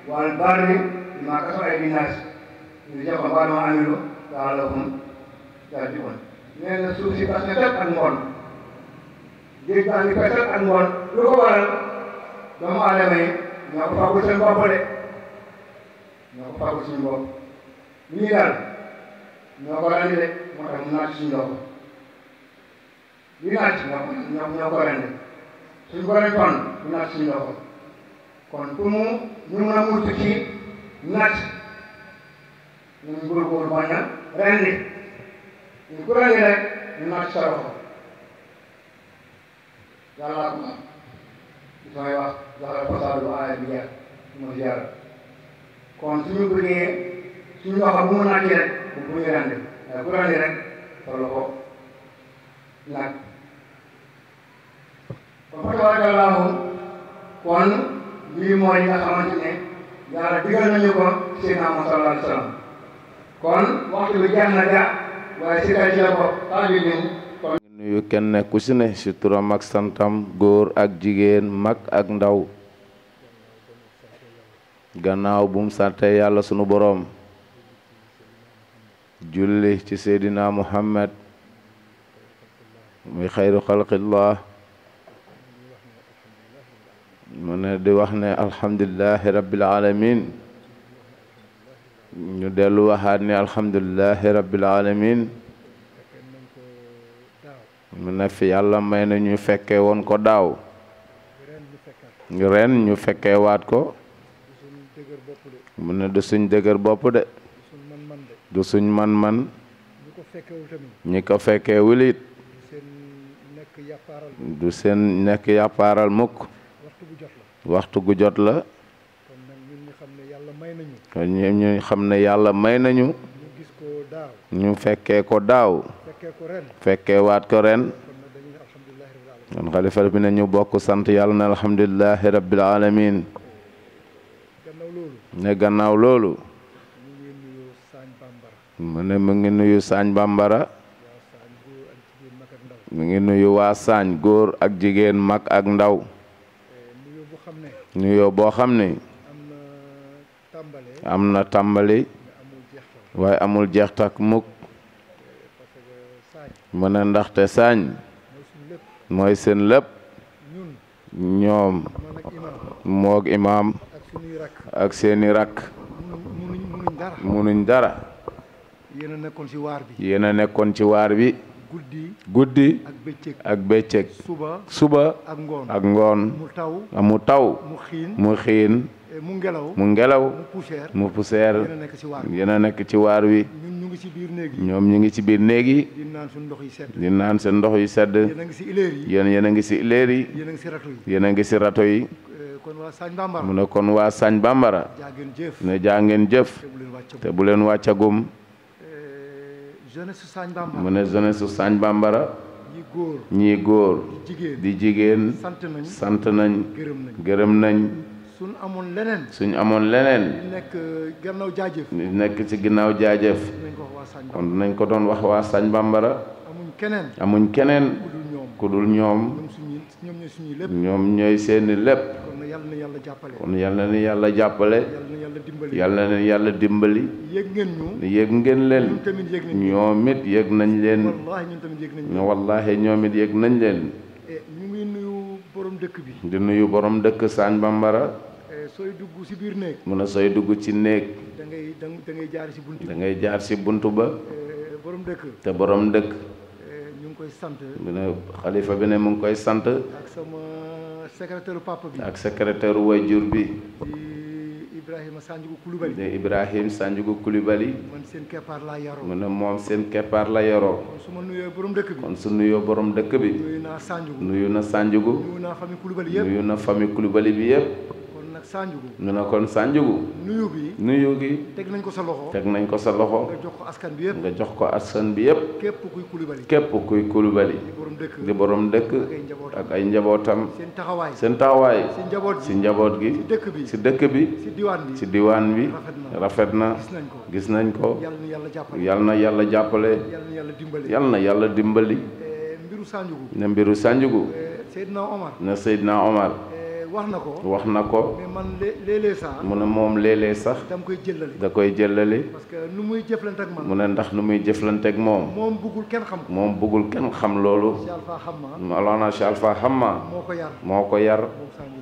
wal barri bimaa kasabat aydin naas liyudiqahum ba'da maa amilu la'allahum yarji'uun nee na suuf si fas na tëb ak ngoon géej baa ngi fay tëb ak ngoon lu ko waral doomu aadama yi ñoo ko fàggul seen bopp de ñoo ko fàggul suñu bopp bu ñuy daal ñoo ko rendi de moo tax mu naat suñu loxo bu ñu naat ñoo ñoo ko rendi suñu ko rendoon mu naat suñu loxo kon pour mu ñu mën a mucc ci naat ñu góorgóorlu bañ a rendi ñu ko rendi rek ñu naat sa loxo yàlla ko damay wax dafa fasadu aaya bi jeex ma ziyaara kon suñu bëggee suñu wax bu mu nàcc rek bu ñu rendi waaye bu rendi rek wala ko nag kon fa tabarakallahu kon lii mooy li nga xamante ne yàlla digal nañu ko Seydina Muhammad sallallahu alayhi wa sallam kon waxtu bi jeex na ga waaye si kay ci la ko tax yu kenn ku si ne si turam santam góor ak jigéen mag ak ndaw gannaaw bum sante yàlla sunu boroom julli ci seydina muhammad muy xayru xalqillah mu ne di wax ne alhamdulilahi rabbil alamin ñu dellu waxaat ne alhamdulilahi rabbil alamin mu ne fi yàlla may na ñu fekke woon ko daaw ren ñu fekkee waat ko mu ne du suñ dëgër bopp de du suñ man-man ñi ko fekkee wulit du seen nekk yàppaaral mukk waxtu gu jot la kon ñun ñu xam ne yàlla may nañu ñu fekkee ko daaw fekkee waat ko ren kon xalifa bi ne ñu bokk sant yàlla na alhamdulilahi rabbil alamin ne gannaaw loolu mu ne mu ngi nuyu saañ bambara mu ngi nuyu waa saañ góor ak jigéen mag ak ndaw nuyoo boo xam ne am na tàmbali waaye amul jeex tak mukk mën a ndaxte saañ mooy seen lépp ñoom moog imaam ak seeni rakk munuñ dara yéen a nekkoon ci waar bi nekkoon ci waar bi guddi ak bëccëg suba ak ngoon mu taw mu xiin mu xiin Eh, mu ngelaw mu ngelaw mu poussière yéen a nekk ci waar wi ñoom ñu ngi ci biir néeg yi di naan seen ndox yu sedd yéen yéen a ngi si ileer yi yéen a ngi si rato yi eh, mu ne kon waa Sañ Bambara ne jaa ngeen jëf te bu leen wàccagum eh, mu ne jeunesse su Sañ Bambara ñii góor di jigéen sant nañ gërëm nañ suñ amoon leneen. suñ amoon leneen. li nekk gannaaw jaajëf. li nekk ci ginnaaw jaajëf. kon nañ ko doon wax waa Sañ Bambara. amuñ keneen. amuñ keneen. ku dul ñoom. ñoom ñooy seeni lépp. kon yàlla na yàlla jàppale. kon yàlla na yàlla jàppale. yàlla na yàlla dimbali. yëg ngeen ñu. yëg ngeen leen. ñoom it yëg nañ leen. wallaahi ñoom it yëg nañ leen. borom dëkk bi. di nuyu borom dëkk Saañ Bambara. Eh, sooy dugg ci biir néeg. mun a sooy dugg ci néeg. da ngay da ngay jaar ci bunt da ngay jaar ci buntu ba. Eh, borom dëkk. te borom dëkk. Eh, ñu ngi koy sant. mu xalifa bi ne mu ngi koy sant. ak sama secrétaire papa bi. ak secrétaire wayjur bi. Ibrahima Sandiougo Coulibaly. ne Ibrahima Sandiougo Coulibaly. man seen keppaar laa yaroo. mu ne moom seen keppaar la yaroo. kon su ma nuyoo borom dëkk kon su nuyoo borom dëkk bi. nuyu naa Sandiougo nuyu na Sandiougo. nuyu na famille Coulibaly yëpp nuyu na famille Coulibaly bi yëpp. Sanjugu ñu ne kon Sanjugu nuyu bi nuyu gi teg nañ ko sa loxo teg nañ ko sa loxo nga jox ko askan bi yëpp nga jox ko askan bi yëpp képp kuy kulubali képp kuy di borom dëkk ak ay njabootam seen taxawaay seen taxawaay si njaboot gi si dëkk bi si diwaan bi rafet na gis nañ ko yal na yàlla jàppale yal na yàlla dimbali eh, ne mbiru Sanjugu ne eh, Seydina Omar ne Seydina Omar wax na ko wax na ko. mais man léeg mu ne moom léeg sax. da koy jëllali da koy jëllali. parce que nu muy jëflante ak man. mu ne ndax nu muy jëflante ak moom. moom bëggul kenn xam. moom bëggul xam loolu. Mawlana Cheikh Alpha Hamma. moo ko yar moo ko yar.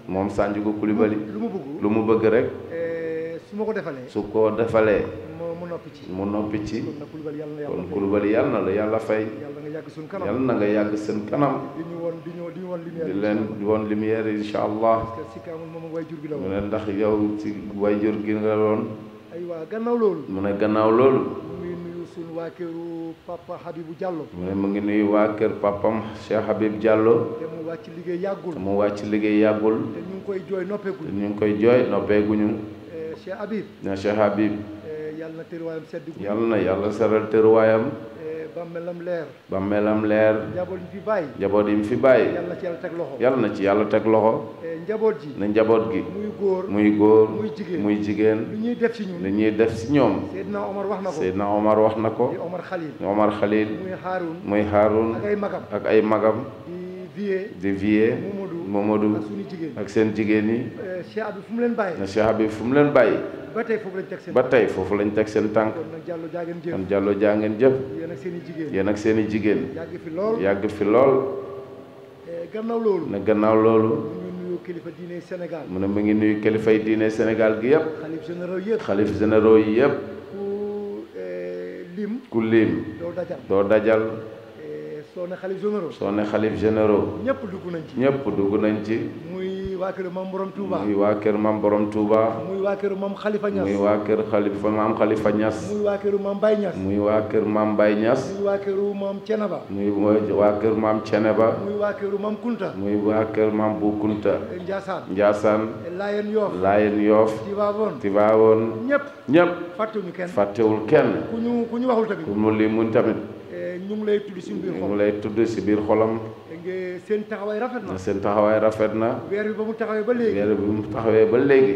moom Sandiouga Coulibaly lu mu bëgg rek. Eh, su ma ko defalee su ko defalee. mu noppi ci mu noppi ci. kon Kulubali yàlla na la yàlla fay. yàlla na nga yàgg seen kanam yàlla na nga yàgg seen kanam. di ñu woon di woon lumière di leen woon lumière incha allah. si kaamul moom waajur gi la mu ne ndax yow si waajur gi nga woon. aywa gannaaw loolu. mu ne gannaaw loolu. mu ngi nuyu suñu waa këru papa Habibou mu ne mu ngi nuyu waa kër papam Cheikh Habib Diallo. te mu wàcc liggéey yàggul. te mu wàcc liggéey yàggul. te ñu ngi koy jooy noppeeguñu. ñu ngi koy jooy noppeeguñu Cheikh Habib. na Cheikh Habib. Eh, yàlla na yàlla na yàlla saral tëruwaayam. Eh, bàmmeelam leer. bàmmeelam leer. njaboot yi mu fi bàyyi. yàlla na ci yàlla teg loxo. Eh, njaboot ji. na njaboot gi. muy góor muy jigéen muy jigéen. lu ñuy def si ñun. lu ñuy def si ñoom. Omar wax na ko. Seydina Omar wax na ko. Omar Khalil. muy Haroun. muy Haroun. ak ay magam. di vie Momadou ak seen jigéen yi na eh, Cheikh Habib fu mu leen bàyyi ba tey foofu lañu teg seen tànk kon jàllo jaa ngeen jëf yéen ak seen i jigéen yàgg fi lool eh, na gannaaw loolu mu ne mu ngi nuyu kilifay diine senegal gi yëpp xalif généraux yi yëpp eh, ku lim doo dajal soo ne xalif généraux soo ne xalif généraux. ñëpp dugg nañ ci ñëpp dugg nañ muy waa kër maam borom Touba. muy waa kër maam borom Touba. muy waa kër maam Khalifa Niass. muy waa kër Khalifa maam Khalifa Niass. muy waa kër maam Baye muy waa kër maam Baye Niass. muy waa kër maam Ceneba. muy waa kër maam Ceneba. muy waa kër maam Kunta. muy waa kër Bu Kunta. Ndiassane Ndiassane. Layen Yoff Layen Yoff. Tivaouane Tivaouane. ñëpp ñëpp. fàttewul kenn ku ñu ku ñu waxul tamit. ñu ngi lay tudd si biir xolam ñu ngi si biir xolam. seen taxawaay rafet na seen taxawaay rafet na. weer bi ba mu taxawee ba léegi weer bi mu taxawee ba léegi.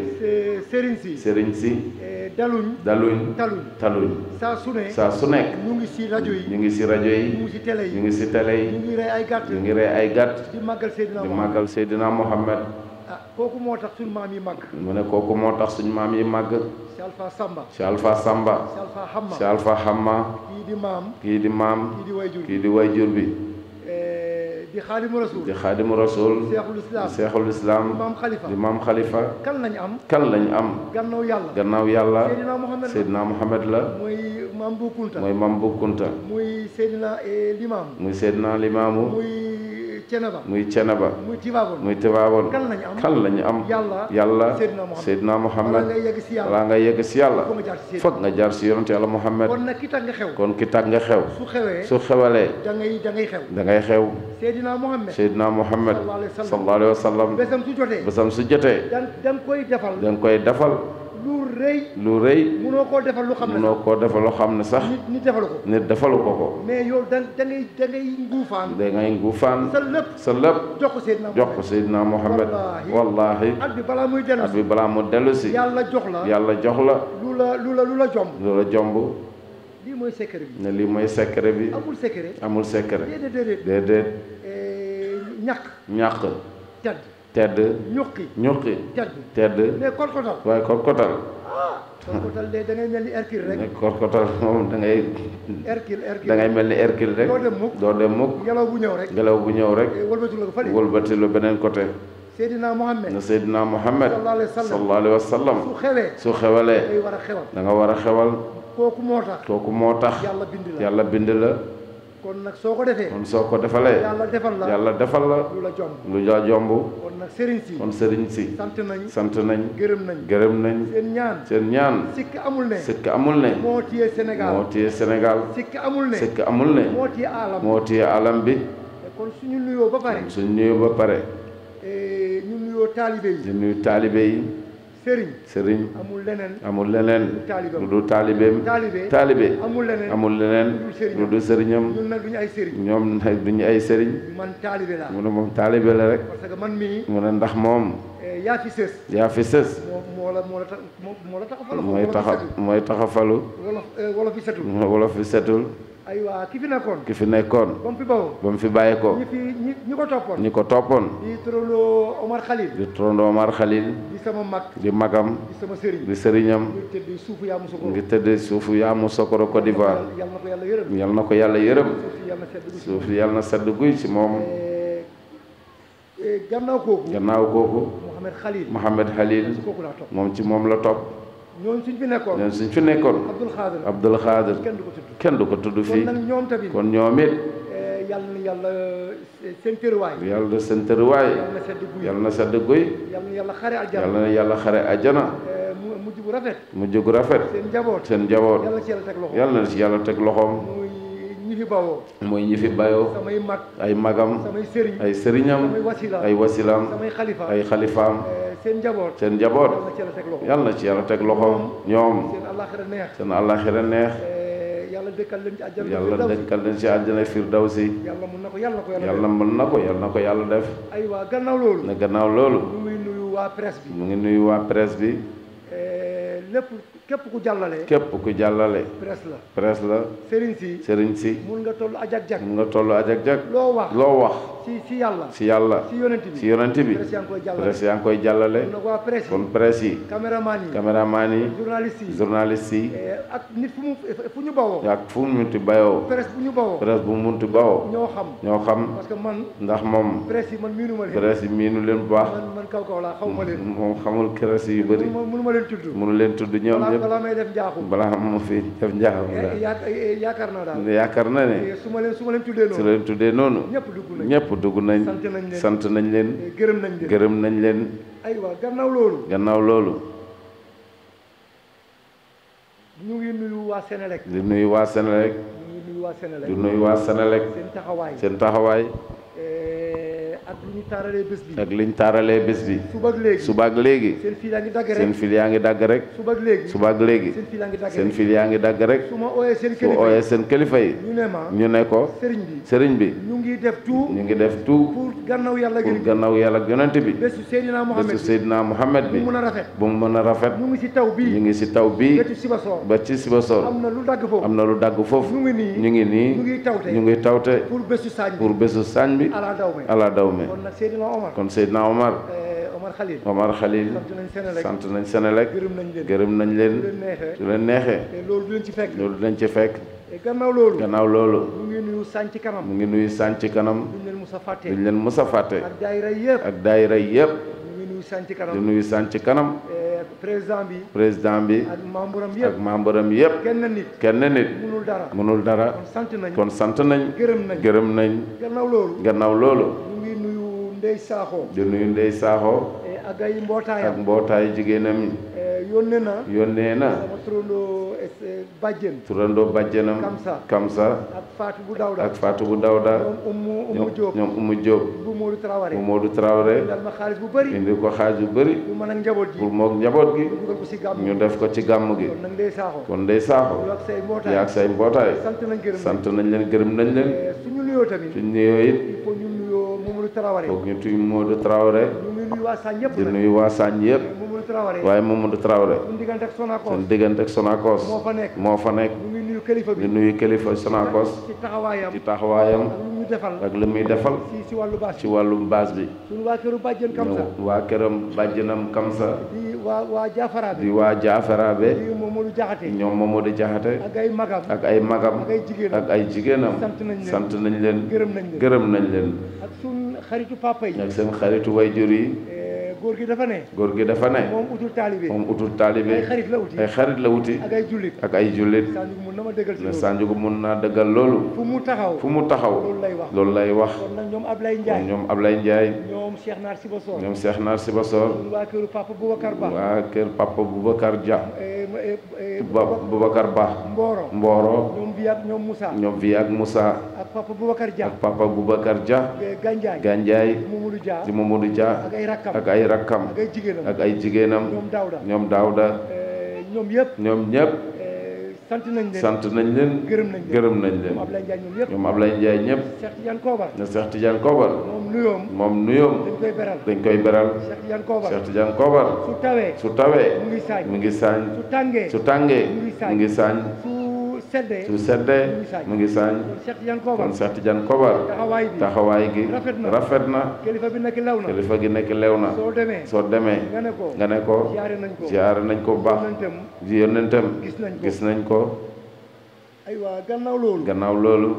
sëriñ si sëriñ si. E, daluñ daluñ taluñ taluñ. saa su ne saa su nekk. ñu ngi si rajo yi ñu ngi si rajo yi. ñu ngi si ñu ngi si télé yi. ñu ngi rey ay gàtt ñu ngi rey ay gàtt. di màggal Seydina Mohamed di màggal Seydina Mohamed. ah kooku moo tax suñ maam yi màgg. mu ne kooku moo tax suñ maam yi màgg. si Alpha sàmba si Alpha Samba. si Alpha Hamma. si kii di maam. kii di maam. kii di wayjur bi di wayjur bi. Eh, di xaadimu rasul di xaadimu rasul. seexul seexul islam. di maam xalifa di kan lañ am. kan lañu am. gannaaw yàlla gannaaw yàlla. Seydina la Seydina maam bu Kunta. maam bu eh, muy Seydina Limaamu. muy Ceneba muy Tivaouane kan la ñu am yàlla Seydina Muhammad balaa nga yegg si yàlla foog nga jaar si yonent yàlla Muhammad kon ki tàgg nga xew su xewalee dangay xew Seydina Muhammad sallallahu alayhi wa sallam bésam su jotee da nga koy defal lu rëy. lu rëy. munoo koo defal lu xam ne munoo koo defal lu xam ne sax. nit nit defalu ko. ko ko. mais yow da nguufaan. da nguufaan. sa lépp sa lépp. jox ko Seydina Mohamed jox ko wallaahi at bi balaa muy dellu si at yàlla jox la yàlla jox la. lu la lu la lu la jomb. lii mooy secret bi. ne lii mooy secret bi. amul secret. déedéet eh, ñàkk. ñàkk. tedd ñuqi ñuqi tedd waaye mel ni mel ni hercule rek bu ñëw rek ngelaw bu ñëw rek eh, wëlbati beneen côté Seydina Mohamed na Seydina Mohamed sallallahu war a xewal kooku tax kooku tax yàlla bind la kon nag soo ko defee. kon soo ko defalee. yàlla defal la yàlla defal la. lu la jomb lu la jomb. kon nag sëriñ si. kon sëriñ si. sant nañ sant nañ. gërëm nañ gërëm nañ. seen ñaan seen ñaan. sikk amul ne. sikk amul ne. moo téye Sénégal moo téye amul ne. sikk amul ne. moo téye alam moo téye alam bi. kon suñu nuyoo ba pare. suñu nuyoo ba pare. Eh, ñu nuyoo taalibe yi. ñu nuyu taalibe yi. sëriñ sëriñ amul leneen amul leneen lu dul taalibeem taalibe amul leneen lu du sëriñam ñoom nag duñu ay sëriñ mu ne moom taalibe la rek mu ne ndax moom eh, yaa fi sës yaa fi sës mooy taxa mooy taxafalu wolof fi eh, wolof fi setul aywa ki fi nekkoon. ki fi nekkoon. ba mu fi bawoo. bàyyi ko. ñi ko toppoon. ñi di turandoo Omar Khalil. di turandoo Omar Khalil. di sama mag. di magam. di sama sëriñ. di sëriñam. di tëdd suufu Yaamu Sokoro. di tëdd suufu yal na ko yàlla yërëm. yal na ko yàlla yërëm. suuf yal na sedd guy ci moom. Eh, eh, gannaaw kooku. gannaaw kooku. moom ci moom la topp. ñooñu suñ fi nekkoon ñooñu suñ fi nekkoon. Abdul Xaadir kenn du ko tudd fii kon ñoom it. Eh, yàlla na yàlla eh, seen tëruwaay. yàlla na seen tëruwaay. yàlla na sedd guy. yàlla na yàlla xare ajana. yàlla na yàlla xare ajana. Eh, mujj gu rafet. mujj gu rafet. seen njaboot seen njaboot. yàlla na si yàlla teg loxoom. bawoo mooy ñi fi bayoo samay mag ay magam samay sëriñ ay sëriñam ay wasilaam ay xalifaam eh, seen njaboot seen njaboot yàlla na ci a teg loxo ñoom seen àllaxira neex eh, yàlla dëkkal leen ci àjjana yàlla dëkkal leen ci àjjana firdawsi si mën na ko yàlla ko yàlla na ko yàlla def ay waa gannaaw loolu na gannaaw loolu mu ngi nuyu waa presse bi képp ku jàllale. képp ku jàllale. presse la presse la. sëriñ si sëriñ si. mun nga toll ajak jak mun nga toll ajak jak loo wax loo wax. si yàlla. si yàlla si yonent bi si yonent bi. yaa ngi koy jàllale presse yaa ngi koy jàllale. kon presse yi. caméraman yi caméraman yi. journaliste yi journaliste yi. Eh, ak nit fu mu fu ñu bawoo. ak fu mu munti bayoo. presse bu ñu bawoo. presse bu mu munti bawoo. ñoo xam ñoo xam. parce man ndax moom. presse yi man miinu ma leen. presse miinu leen bu baax. man man kaw kaw laa xaw ma moom xamul presse yu bëri. mënu ma leen tudd mënu leen tudd ñoom yëpp balaa may def njaaxum balaa mu fi def njaaxum daal yaakaar naa daal yaakaar na ne eh, su ma leen su ma leen tuddee noonu su leen tuddee noonu ñëpp dugg nañ ñëpp dugg sant nañ leen eh, gërëm nañ leen gërëm nañ leen aywa gannaaw loolu gannaaw loolu ñu ngi nuyu waa Sénélec di nuyu waa Sénélec di nuyu waa Sénélec seen seen taxawaay eh, ak li ñu taaralee bés bi ak li taaralee bés bi. suba ak léegi suba ak léegi. seen fil yaa ngi dagg rek seen fil yaa ngi dagg rek. suba ak léegi suba ak léegi. seen fil yaa ngi dagg rek seen su ma ooyee seen kilifa yi seen kilifa yi. ñu ne ko. sëriñ bi sëriñ ñu ngi def tout ñu ngi def tout. pour gannaaw yàlla gi gannaaw yàlla ak yonent bi. bésu Seydina Mohamed bi bésu Seydina Mohamed bu mu mën a rafet bu mu mën ñu ngi si taw bii si taw bii. ba ci Sibassor am na lu dagg foofu am na lu dagg foofu. ñu ngi nii ñu ngi taw ñu ngi tawte. pour bésu saañ bi ala daw mi formé kon Seydina Omar eh, Omar Khalil sant nañ Senelec gërëm nañ leen su neexee loolu ci fekk eh, gannaaw loolu gannaaw loolu mu ngi nuyu sànc kanam mu ngi nuyu sànc kanam duñ leen musa fàtte duñ leen musa fàtte ak daayira yëpp ak daayira yëpp nuyu sànc ci kanam eh, président bi président bi ak membre am ak membre yëpp kenn nit kenn nit mënul dara mënul dara kon sant nañ sant nañ gërëm nañ gannaaw loolu Ndeye Sakho. di nuyu Ndeye Sakho. E, ak ay mbootaayam ak mbootaayu jigéenam yi. E, yónnee na yónnee na. sama turandoo e, bàjjen. turandoo bàjjenam. Kamsa Kamsa. ak Fatou bu Dawda ak Fatou bu Dawda. ñoom Umu Umu Diop ñoom Umu bu Modou Traoré bu Modou Traoré. bu bëri indi ko xaalis bu bëri. pour mën ak njaboot gi pour ñu def ko ci gàmm gi. kon Ndeye Sakho kon Ndeye Sakho. yaa ak say mbootaay sant nañ leen gërëm nañ leen. suñu nuyoo tamit it. Mamadou Traoré kooku ñu tudd Mamadou Traoré di nuyu waa Sagne yëpp waaye Mamadou Traoré seen diggante ak Sonacos moo fa nekk kalifa ñu nuyu kilifa Sonacos ci taxawaayam defal ak la muy defal. si si wàllu base ci wàllum base bi. suñu waa këru bàjjen Kamsa. waa këram bàjjenam Kamsa. di waa waa Jaafaraabe. di waa Jaafaraabe. di Momadou Diakhaté. ñoom Momadou Diakhaté. ak ay magam ak ay magam. ak ay jigéenam ak ay jigéenam. sant nañu leen gërëm nañ leen gërëm nañ leen. ak sunu xaritu papa yi. ak seen xaritu wayjur yi. Eh, góor gi dafa ne. góor gi dafa ne. moom utul taalibe moom utul taalibe. ay xarit la uti ay xarit la uti. ak ay jullit ak Sanjugu mun naa dëggal loolu. fu mu taxaw fu mu taxaw. loolu lay wax loolu lay wax. kon nag ñoom Ablaye Ndiaye ñoom Ablaye Ndiaye. ñoom Cheikh Naar Sibassor. ñoom Cheikh Naar Sibassor. waa kër Papa Boubacar Ba. waa kër Papa Boubacar Dia. Eh, eh, eh, ba. Mboro Mboro. ñoom Viya ak ñoom Moussa. ñoom Viya ak Moussa. ak Papa Boubacar Dia. ak Papa Boubacar Dia. ak ay ay rakkam ak ay jigéenam ñoom Daawda eh, ñoom ñëpp eh, sant nañ leen sant nañ leen gërëm nañ leen gërëm nañ leen ñoom Ablaye Ndiaye ñëpp na Cheikh Tidiane Kobar moom nuyoom dañ koy beral Cheikh Tidiane Kobar su tawee mu ngi saañ mu ngi saañ su tàngee mu ngi saañ su seddee mu ngi saañ kon Cheikh Tidiane Kobar taxawaay gi rafet na kilifa gi nekk lew na soo demee nga ne ko ziare nañ ko bu baax yónnentam gis nañ ko gannaaw loolu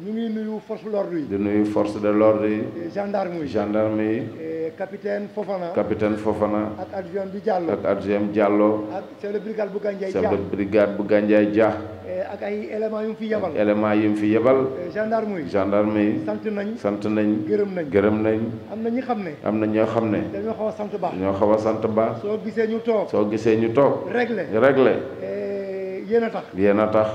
ñu ngi nuyu force de l'ordre yi. di nuyu force de l'ordre yi. Eh, gendarme yi gendarme yi. Eh, capitaine Fofana. capitaine Fofana. ak adjoint bi Diallo ak adjoint jàlloo ak chef de brigade bu Gandiaye Dia chef de bu Gandiaye Dia. Eh, ak ay éléments yu mu fi yebal ak éléments yu fi yebal. gendarme yi gendarme yi. sant nañ sant nañ. gërëm nañ gërëm nañ. am na ñi xam ne. am na ñoo xam ne. dañoo xaw a sant baax xaw a sant baax. soo gisee ñu toog soo gisee ñu toog. réglé réglé. yéen a tax yéen a tax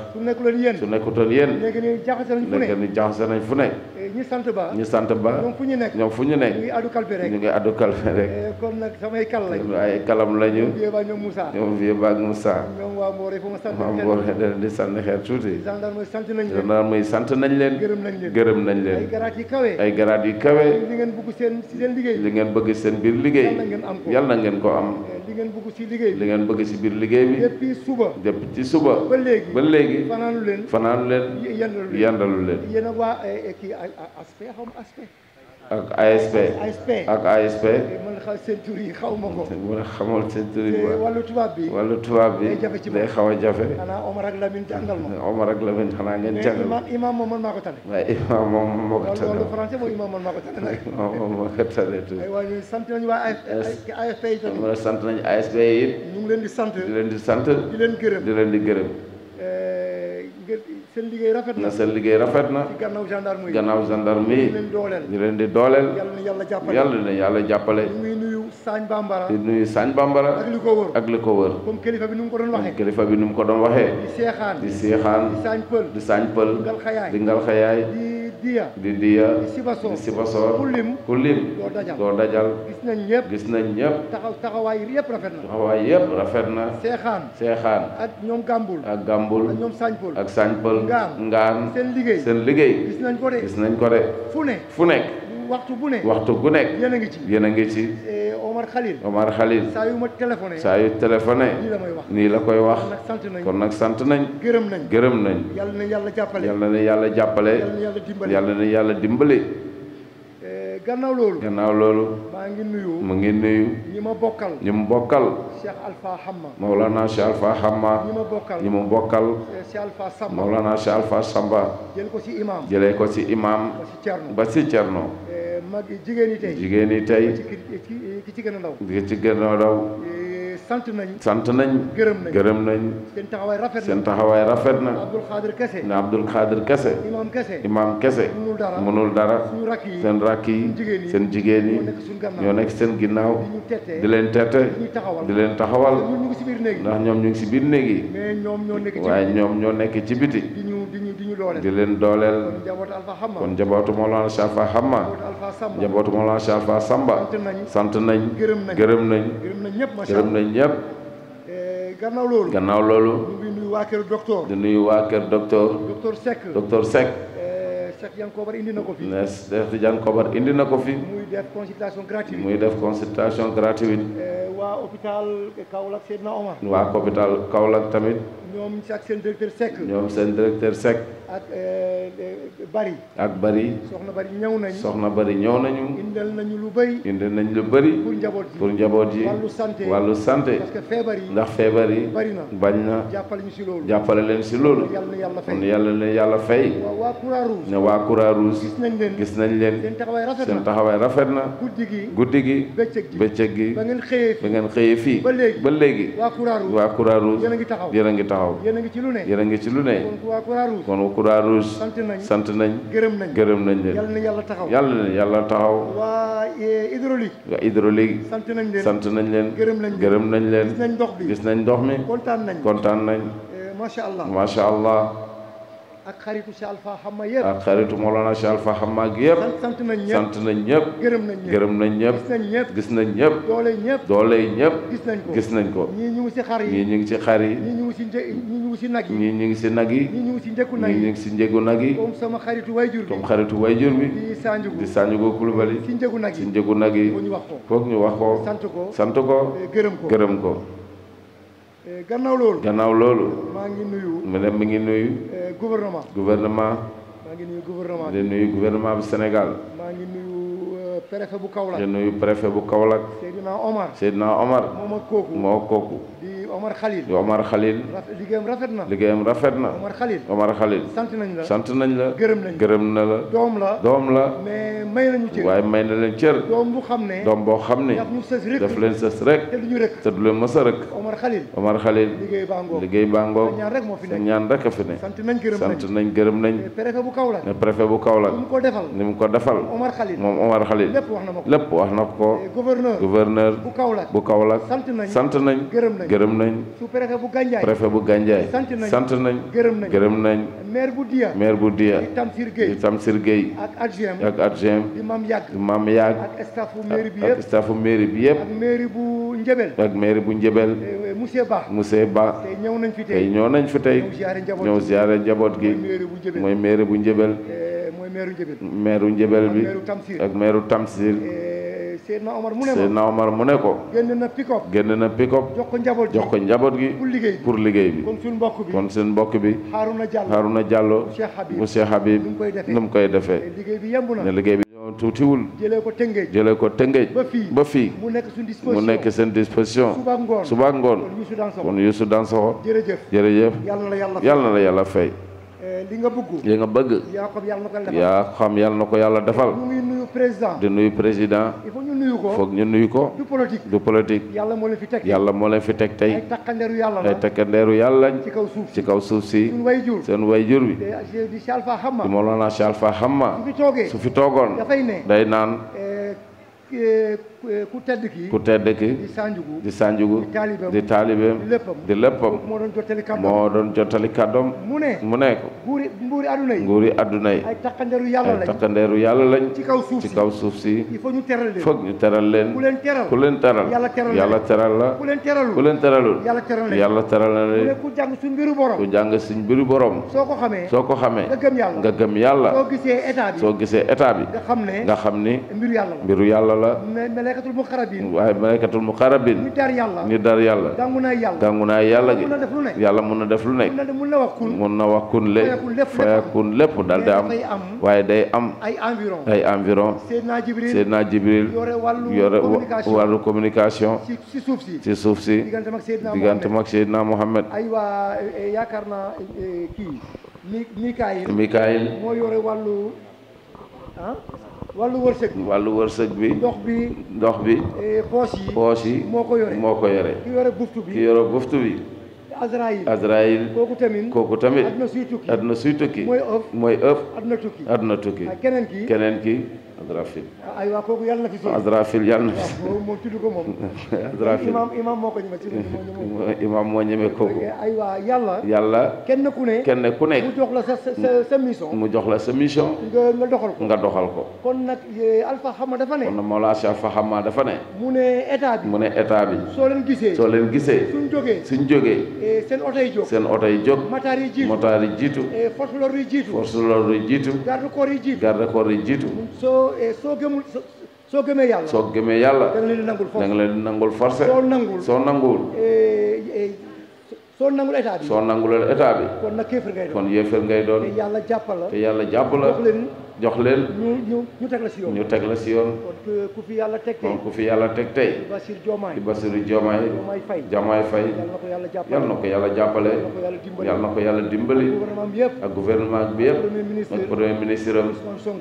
su nekkutoon yéen léegi ni jaxase fu ne léegi ni jaxase nañ fu ne eh, ñi sant ba ñi sant ba ñoom fu ñu nekk ñoom fu ñu nekk ñu ngi ñu ngi addu kalpe rek eh, kon nag samay kal lañ ay kalam lañu ñoom vieux ba ñoom Moussa ñoom vieux ba ak Moussa ñoom fu ma sant waa sant nañ leen gërëm nañ leen gërëm nañ leen ay garaat yu kawe ay garaat yu kawe li ngeen bëgg seen seen liggéey li ngeen bëgg seen biir liggéey yàlla na ngeen ko am eh, li ngeen bëgg ci liggéey bi li ngeen bëgg ci biir liggéey bi. depuis suba. depuis ci suba. ba léegi ba léegi. fanaanu leen fanaanu leen. yandalu leen yandalu leen. yéen waa eh, eh, kii aspect xaw ma ak ASP. ak ASP. man xaw xaw ma ko. man xamal seen tur yi. wàllu tubaab bi wàllu tubaab bi. day xaw a jafe. xanaa Omar ak Lamine jàngal ma. Omar ma Lamine xanaa ngeen jàngal ma. mais moom man maa ko tane. waaye imaam moom ma ko tane. loolu français ko tane nag. moom moo ko sant nañu waa ASP yi tamit. sant nañu ASP yi. ñu ngi leen di sant. di leen di sant. di leen gërëm di leen di gërëm. Eh, seen liggéey rafet na seen liggéey rafet na. gannaaw gendarme yi gannaaw di dooleel ñu leen di dooleel. yàlla na Sañ Bambara di nuyu Sañ Bambara ak li ko wër ak li ko wër bi nu mu ko doon waxee kilifa bi nu mu ko doon waxee di seexaan di seexaan di Sañ Pël di Sañ Pël di Ngalxayaay di Ngalxayaay di diya di diya di sibasoor ku doo dajal doo dajal gis nañ ñëpp gis nañ ñëpp taxawaay yëpp rafet na yëpp rafet na seexaan seexaan ak ñoom gàmbul ak gàmbul ak ñoom sañpël ak sañpël ngaan ngaan seen liggéey seen liggéey gis nañ ko de gis nañ ko de fu ne fu nekk waxtu bu nekk yéen a ngi ci yéen ngi ci eh, Omar Khalil Omar Khalil saa ma téléphoné saa yu nii la may wax nii la koy wax kon nag sant nañ gërëm nañ gërëm nañ yàlla na yàlla jàppale yàlla na yàlla jàppale yàlla na yàlla dimbale gannaaw loolu. gannaaw loolu. maa ngi nuyu. mu ngi nuyu. ñi ma bokkal. ñi mu bokkal. Cheikh Alpha Hamma. Mawlana Cheikh Alpha Hamma. ñi ma bokkal. ñi mu bokkal. Cheikh Alpha Samba. Mawlana Cheikh Alpha Samba. ko ci imam. jëlee ko ci imam. ba ci Cerno. Eh, mag jigéen ñi tey. jigéen ñi tey. ki ci gën a ndaw. ki ci gën sant nañ sant nañ. gërëm nañ gërëm nañ. seen taxawaay rafet na seen taxawaay rafet na. Abdul Xaadir Kese. na Abdul Xaadir Kese. imaam Kese imaam Kese. munul dara munul seen rakk yi seen jigéen yi ñoo nekk seen ginnaaw. di leen tette di leen taxawal. ndax ñoom ñu ngi si biir néeg yi. waaye ñoom ñoo nekk ci biti. di leen dooleel kon njabootu Mawlana Cheikh Alpha Hamma njabootu Mawlana Cheikh Alpha Samba sant nañ gërëm nañ gërëm nañ ñëpp eh, gannaaw loolu gannaaw loolu di nuyu waa kër docteur di nuyu waa kër docteur docteur Seck docteur Seck Cheikh Diagne Kobar indi na ko fi. ne na ko fi. muy def consultation gratuite. muy def consultation gratuite. Eh, waa hôpital Kaolack tamit. ñoom ak seen directeur Seck. ñoom seen directeur Seck. ak euh, euh, Bari. ak Bari. soxna Bari ñëw nañu. soxna ñëw nañu. nañu lu bëri. indil nañu lu bari pour njaboot yi pour njaboot yi. wàllu santé wàllu santé. ndax feebar yi. bari na bañ na. jàppale ñu si loolu. jàppale leen si loolu. yàlla na yàlla fay kon yàlla na fay. waa Croix-Rouge. ne waa gis nañ leen seen taxawaay rafet na seen guddi gi guddi gi. bëccëg gi bëccëg gi. ba ngeen xëyee fii ba léegi ba léegi. waa Croix-Rouge yéen a ngi taxaw taxaw yéen a ci lu yéen a ngi ci lu ne kon Croix Rouge sant nañ gërëm nañ gërëm nañ leen yàlla na yàlla na yàlla taxaw waa eh, hydraulique waa hydraulique sant nañ leen sant nañ leen gërëm nañ gërëm nañ leen gis nañ ndox bi gis nañ ndox mi kontaan nañ kontaan nañ eh, macha allah macha allah ak xaritu si Alpha Hamma yëpp ak xaritu Mawlana si Alpha Hamma ak yëpp sant nañ ñëpp nañ ñëpp gërëm nañ ñëpp gërëm nañ ñëpp gis nañ ñëpp doole ñëpp doole ñëpp gis nañ ko gis nañ ko si xar yi ñii ñu ngi si xar yi si ñii si nag yi ñii ñu ngi si nag yi si njëkku nag yi ñii ñu ngi si njëgu nag yi comme sama xaritu wayjur bi comme xaritu wayjur bi di Sanjugu di Sanjugu Kulubali si njëgu nag yi si njëgu nag yi ñu wax ko sant ko sant ko gërëm ko gërëm ko Eh, gannaaw loolu. gannaaw loolu. maa ngi nuyu. mu ne mi ngi nuyu. Eh, gouvernement. gouvernement. maa ngi nuyu gouvernement bi. di nuyu bu Sénégal. maa ngi nuyu eh, préfet bu Kaolack. di nuyu préfet bu Kaolack. Seydina Omar. Seydina Omar. moom ak kooku. yu Omar Khalil yu Omar Khalil. liggéeyam rafet na liggéeyam rafet na. Omar Khalil Omar sant nañ la sant nañ la. gërëm nañ la gërëm na la. doom la doom la. mais may nañu na leen cër. doom xam ne doom boo xam ne. daf leen sës rek. te du ñu rek te du leen mës a rek. Omar ñaan rek moo fi nekk ñaan rek a nañ gërëm nañ sant nañ bu Kaolack ni mu ko defal ni mu ko lépp wax na ma ko lépp na ko. bu Kaolack sant nañ gërëm gërëm nañ. préfet bu Gandiaye préfet bu Gandiaye sant nañ gërëm nañ gërëm nañ. maire bu Dia maire bu Dia. di Tamsir Gueye di Tamsir Gueye. ak adjoint ak adjoint. di maam yàgg di maam ak staffu mairie bi yëpp bi yëpp. ak mairie bu Njebel. ak mairie bu Njebel. Eh, eh, monsieur Ba monsieur Ba. ñëw nañ fi tey tey nañ fi tey. ñëw ziare njaboot gi mooy mairie bu Njebel. mooy mairie bu Njebel. Eh, maire bu bi ak maire bu Tamsir. Seydina Omar mu ne ko Omar mu ne ko. génn na pick-up génn na pick jox ko njaboot gi jox ko njaboot gi. pour liggéey bi pour liggéey bi. kon suñu mbokk bi kon suñu mbokk bi. Haruna Diallo Haruna Diallo. bu Cheikh Habib mu koy defee liggéey bi yemb na liggéey bi. tuutiwul jëlee ko tëngeej jëlee ko tëngeej ba fii mu nekk seen disposition suba ngoon kon Youssou Dansokho jërëjëf yàlla na la yàlla fay Euh, li nga bëgg. li nga bëgg. yaa xam yal na ko yàlla defal. ñu nuyu président. di nuyu président. il faut nuyu ko foog ñu nuyu ko. du politique yàlla moo leen fi teg yàlla moo leen fi teg tey. ay takkandeeru yàlla la ay takkandeeru ci kaw suuf si ci kaw suuf si. seen way seen wi bi. di Cheikh Alpha Hamma. di su fi toogoon. dafay naan. Euh, ku tedd ki ku tedd ki di sanjugu di taalibeem di léppam moo doon jottali kàddoom mu ne mu ne ko nguuri àdduna yi nguuri àdduna yi ay takkandeeru yàlla lañ ci kaw suuf si foog ñu teral leen ku leen teral yàlla teral la ku leen teralul yàlla teral la leen ku jàng suñ mbiru borom ku jàng suñ mbiru borom soo ko xamee soo ko xamee nga gëm yàlla soo gisee état bi nga xam ne mbiru yàlla wala. malaikatul muqarrabin. waaye malaikatul muqarrabin. ñu dar yàlla ñu dar yàlla. yàlla gi. yàlla mun na def lu nekk. mun na wax kun. mun le. fayakun lépp daal di am. waaye day am. ay environ ay environ. Seydina Jibril yore wàllu communication. ci suuf si ci suuf si. diggante mag Seydina Mohamed. aywa e, e, yaakaar naa e, kii. Mikaayil wàllu wërsëg bi wàllu wërsëg bi. ndox bi ndox bi. E, poos yi poos yi moo ko yore moo ko yore. ki yore buftu bi ki yore buftu bi. Azraïl Azraïl. kooku tamit kooku tamit. àdduna suy tukki àdduna suy tukki. mooy ëf mooy ëf. àdduna tukki àdduna tukki. keneen ki keneen ki. Azrafil. Ah, aywa kooku yàlla na fi sori. Azrafil yàlla na fi ah, moom tudd ko moom. Azrafil imaam imaam moo ko ñeme imaam moo ñeme kooku. aywa yàlla. yàlla kenn ku ne. kenn ku nekk mu jox la sa mission. mu jox la sa mission. nga doxal ko nga doxal ko. kon nag eh, Alpha Xama dafa ne. dafa ne. mu ne état bi. mu ne état bi. soo leen gisee. soo leen gisee. suñ jógee. suñ jógee. Eh, seen oto yi jóg. seen oto yi jóg. motaar yi jiitu motaar yi jiitu. Eh, force l'ordre yi jiitu. force l'ordre yi jiitu. garde corps jiitu. garde corps jiitu. Eh, soo soo gëmul soo gëmee yàlla. soo gëmee yàlla. da leen di nangul force leen nangul force. soo nangul soo nangul. Eh, eh, soo nangul état bi soo kon nag ngay doon te yàlla jàpp la te yàlla la jox leen. jox leen ñu ñu teg la si yoon ñu teg yoon. kon ku fi yàlla teg tey kon ku fi yàlla teg tey. di Bassirou Diomaye di Bassirou Diomaye. Diomaye Faye Diomaye Faye. yal na ko yàlla jàppale yal na ko yàlla dimbali. ak gouvernement bi yëpp. ak premier ministre am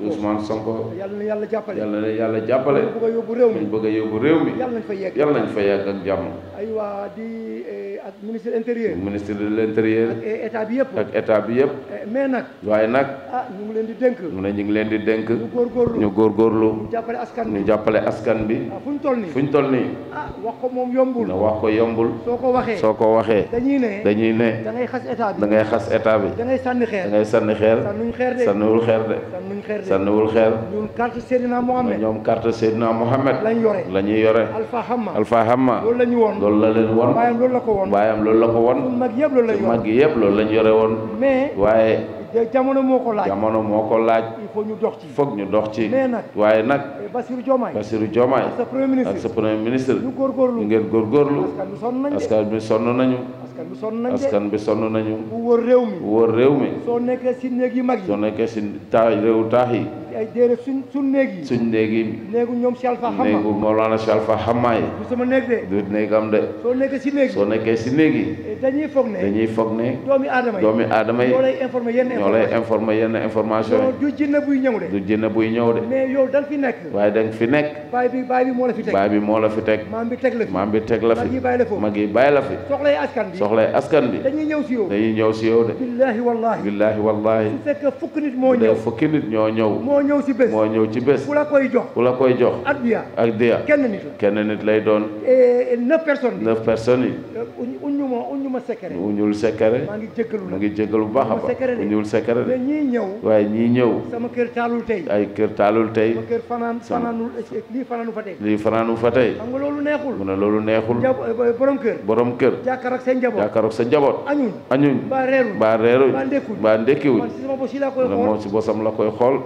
Ousmane Sonko. yal na yàlla jàppale yal na yàlla jàppale. ñu bëgg a yóbbu réew mi ñu bëgg a yóbbu fa yegg yal nañ fa yegg jàmm. l'intérieur ministre de l'intérieur eh, ak état bi yëpp état bi yëpp mais nag waaye nag ah ñu ngi leen di dénk ñu ngi leen di dénk ñu góorgóorlu ñu jàppale askan bi jàppale askan bi ah, fu ñu toll nii fu ah, wax ko yombul na wax ko yombul soo ko waxee dañuy ne dañuy ne da ngay xas état bi da ngay xas ngay sànni xeer da ngay sànni xeer sànnuñ xeer de sànniwul xeer de sànnuñ xeer de sànniwul xeer ñun ñoom carte Seydina Mohamed lañ yore la loolu la ñu woon leen woon baayam loolu la ko woon woon. mag yëpp loolu la mag yëpp loolu la ñu woon. mais waaye. jamono moo ko laaj jamono moo ko laaj. il ñu dox ci foog ñu dox ci. mais nag waaye nag. Bassirou Diomaye Bassirou Diomaye. ak sa premier ministre ak sa premier ministre. ñu góorgóorlu ngeen góorgóorlu. askan bi sonn nañu. askan bi sonn nañu askan bi sonn nañu. bu wóor réew mi wóor réew mi. soo nekkee si néeg yi mag yi soo nekkee si taax taax yi. suñ suñ néeg yi. néegu ñoom si alfa xama néegu Mawlana si alfa xama yi. du sama néeg de. soo nekkee si néeg yi eh, dañuy foog ne dañuy foog ne. information ñoo lay informé yenn buy ñëw de. waaye da fi nekk. baay bi moo la fi teg. baay teg. maam bi la fi maam bi la fi. askan bi si yow dañuy nit ñoo ñëw moo ñëw ci bés. moo ñëw ci bés. ku la koy jox ku la koy jox. ak diya ak diya. kenn nit lay doon. neuf eh, personnes. neuf personnes yi. Eh, uñu ma ma sekere. uñul sekere. maa ngi jégalu ngi jégalu bu baax a baax. uñul sekere de ñii ñëw. waaye ñii ñëw. sama kër taalul tey. ay kër taalul tey. fanaan fanaanul lii fanaanu fa tey. lii fanaanu fa tey. xam nga loolu neexul. mu ne eh, borom kër. borom kër. jàkkaarloog sa njaboot jàkkaarloog sa njaboot. añuñ añuñ. reeruñ mbaa reeruñ mbaa ndekkiwuñ. moom si bosam la koy xool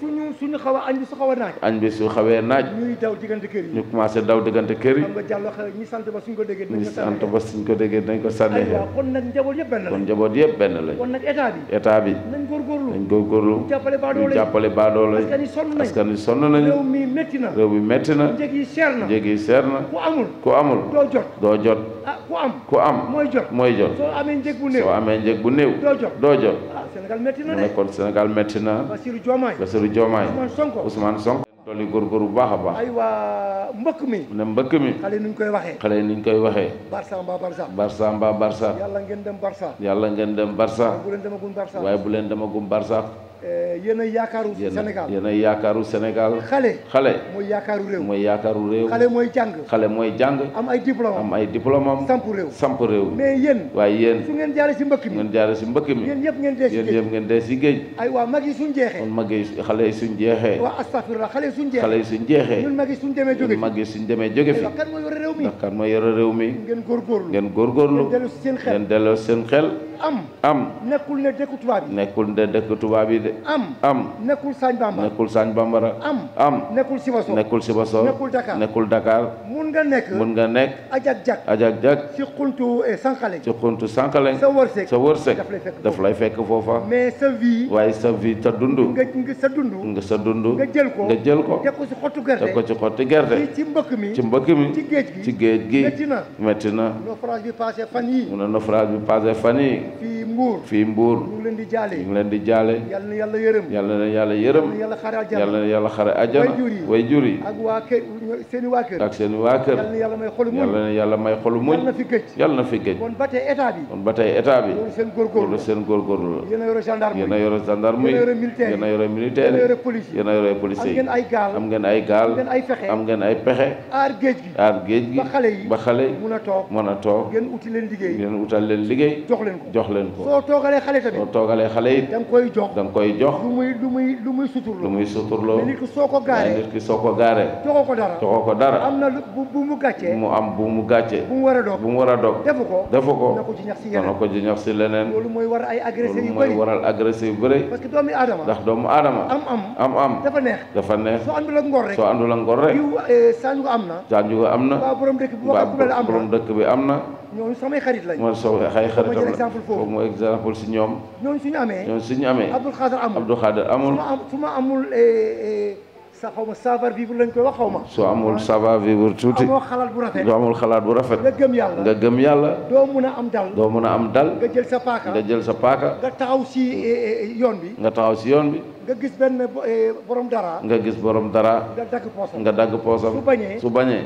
su suñu xaw a añ bi su xaw naaj añ bi su xawee naaj ñuy daw diggante ñu commencé daw diggante kër yi xam nga jàllo xel ñi sant ba suñ ko déggee ñi sant ba suñ ko déggee dañ ko sànni kon njaboot yëpp benn la kon njaboot yëpp benn lañ kon bi état bi nañ góorgóorlu nañ góorgóorlu jàppale baadoo la jàppale baadoo la askan sonn nañ askan réew mi metti na réew mi métti na njëg yi seer na ku amul ku amul doo jot doo jot ah ku am ku am mooy jot mooy soo amee njëg bu néew soo amee njëg doo jot ah, mu ne kon Sénégal metti na. Bassirou Diomaye Bassirou Diomaye. Ousmane Sonko Ousmane Sonko. bu baax a baax. mbëkk mi. ne mbëkk mi. xale nuñ koy waxee. xale koy waxee. Barça mbaa Barça. Barça mbaa Barça. yàlla ngeen dem Barça. yàlla ngeen dem Barça. waaye bu leen demagum Barça. waaye Euh, yéen ay yaakaaru Sénégal yéen ay yaakaaru Sénégal. xale xale. mooy yaakaaru réew mooy yaakaaru réew. xale mooy jàng xale mooy jàng. am ay diplôme am ay diplôme am. samp réew réew. mais yéen. waaye yéen su ngeen jaaree si mbëkk mi ngeen si mbëkk mi. yéen yëpp ngeen dee si géej yéen yëpp ngeen dee si géej. ay waa mag yi suñ jeexee. kon mag yi xale suñ xale yi suñ jeexee. xale yi demee jóge fi ñun suñ demee jóge fi. mooy yore réew mi ngeen góorgóorlu ngeen delloo seen xel am am nekkul ne dëkku tubaab yi nekkul ne dëkku tubaab yi de am am nekkul Sañ Bambara nekkul Sañ Bambara am am nekkul Sibassor nekkul Sibassor nekkul Dakar nekkul Dakar mun nga nekk mun nga nekk ajak jak ajak jak ci xuntu eh, sànqaleñ ci xuntu sànqaleñ sa wërsëg sa wërsëg daf lay fekk foofa mais sa vie waaye sa vie ta dund nga sa dund nga sa dund nga jël ko nga jël ko teg ko ci xottu gerte ko ci gerte ci mbëkk mi ci mbëkk mi ci géej gi ci géej gi métti na na naufrage bi passé fan yi mu ne naufrage bi passé fan yi fii Mbour fii Mbour ñu ngi leen di jaale ñu ngi leen di jaale yàlla na yàlla yërëm yàlla na yàlla yërëm yàlla na yàlla xare ajana way jur yi ak waa kër seen i waa kër ak seen i waa kër yàlla na yàlla may xolu muñ yàlla na yàlla may xolu muñ yàlla na fi gëj yàlla na fi gëj kon ba tey état bi kon ba tey état bi loolu seen góorgóorlu loolu seen góorgóorlu la yéen a yore gendarme yéen a yore gendarme yéen a yore militaire yéen a yore police yi am ngeen ay gaal am ngeen ay gaal am ngeen ay pexe aar géej gi aar géej gi ba xale yi mën a toog mën a toog ngeen utal leen liggéey jox leen ko jox leen ko. soo toogalee xale tamit soo da nga koy jox da koy jox. lu muy lu muy lu muy suturloo. lu muy suturloo. soo ko soo ko gaaree. ko dara ko dara. am bu mu am bu mu gàccee. bu war a dog bu a defu ko defu ko. dana si leneen. loolu mooy waral ay agressé yu bëri loolu mooy yu bëri. parce doomu aadama ndax doomu aadama. am am am dafa neex dafa neex. soo àndul ak ngor rek soo ko eh, am na. sañu ko am na. waa borom dëkk bi am na ñooñu samay xarit lañ mooy samay xay xaritam la exemple foofu mooy exemple si ñoom ñooñu suñu amee ñooñu suñu amee Abdou Khader amul Abdou Khader amul su amul eh, eh, sa xaw ma savoir vivre lañ koy wax xaw ma soo amul savoir vivre tuuti amoo xalaat bu rafet amul xalaat bu rafet nga gëm yàlla nga gëm yàlla doo mun a am dal doo mun a am dal nga jël sa paaka nga jël sa paaka taxaw si eh, yoon bi nga taxaw si yoon nga gis benn borom dara nga gis borom dara nga dagg poosam nga dagg poosam su bañee su bañee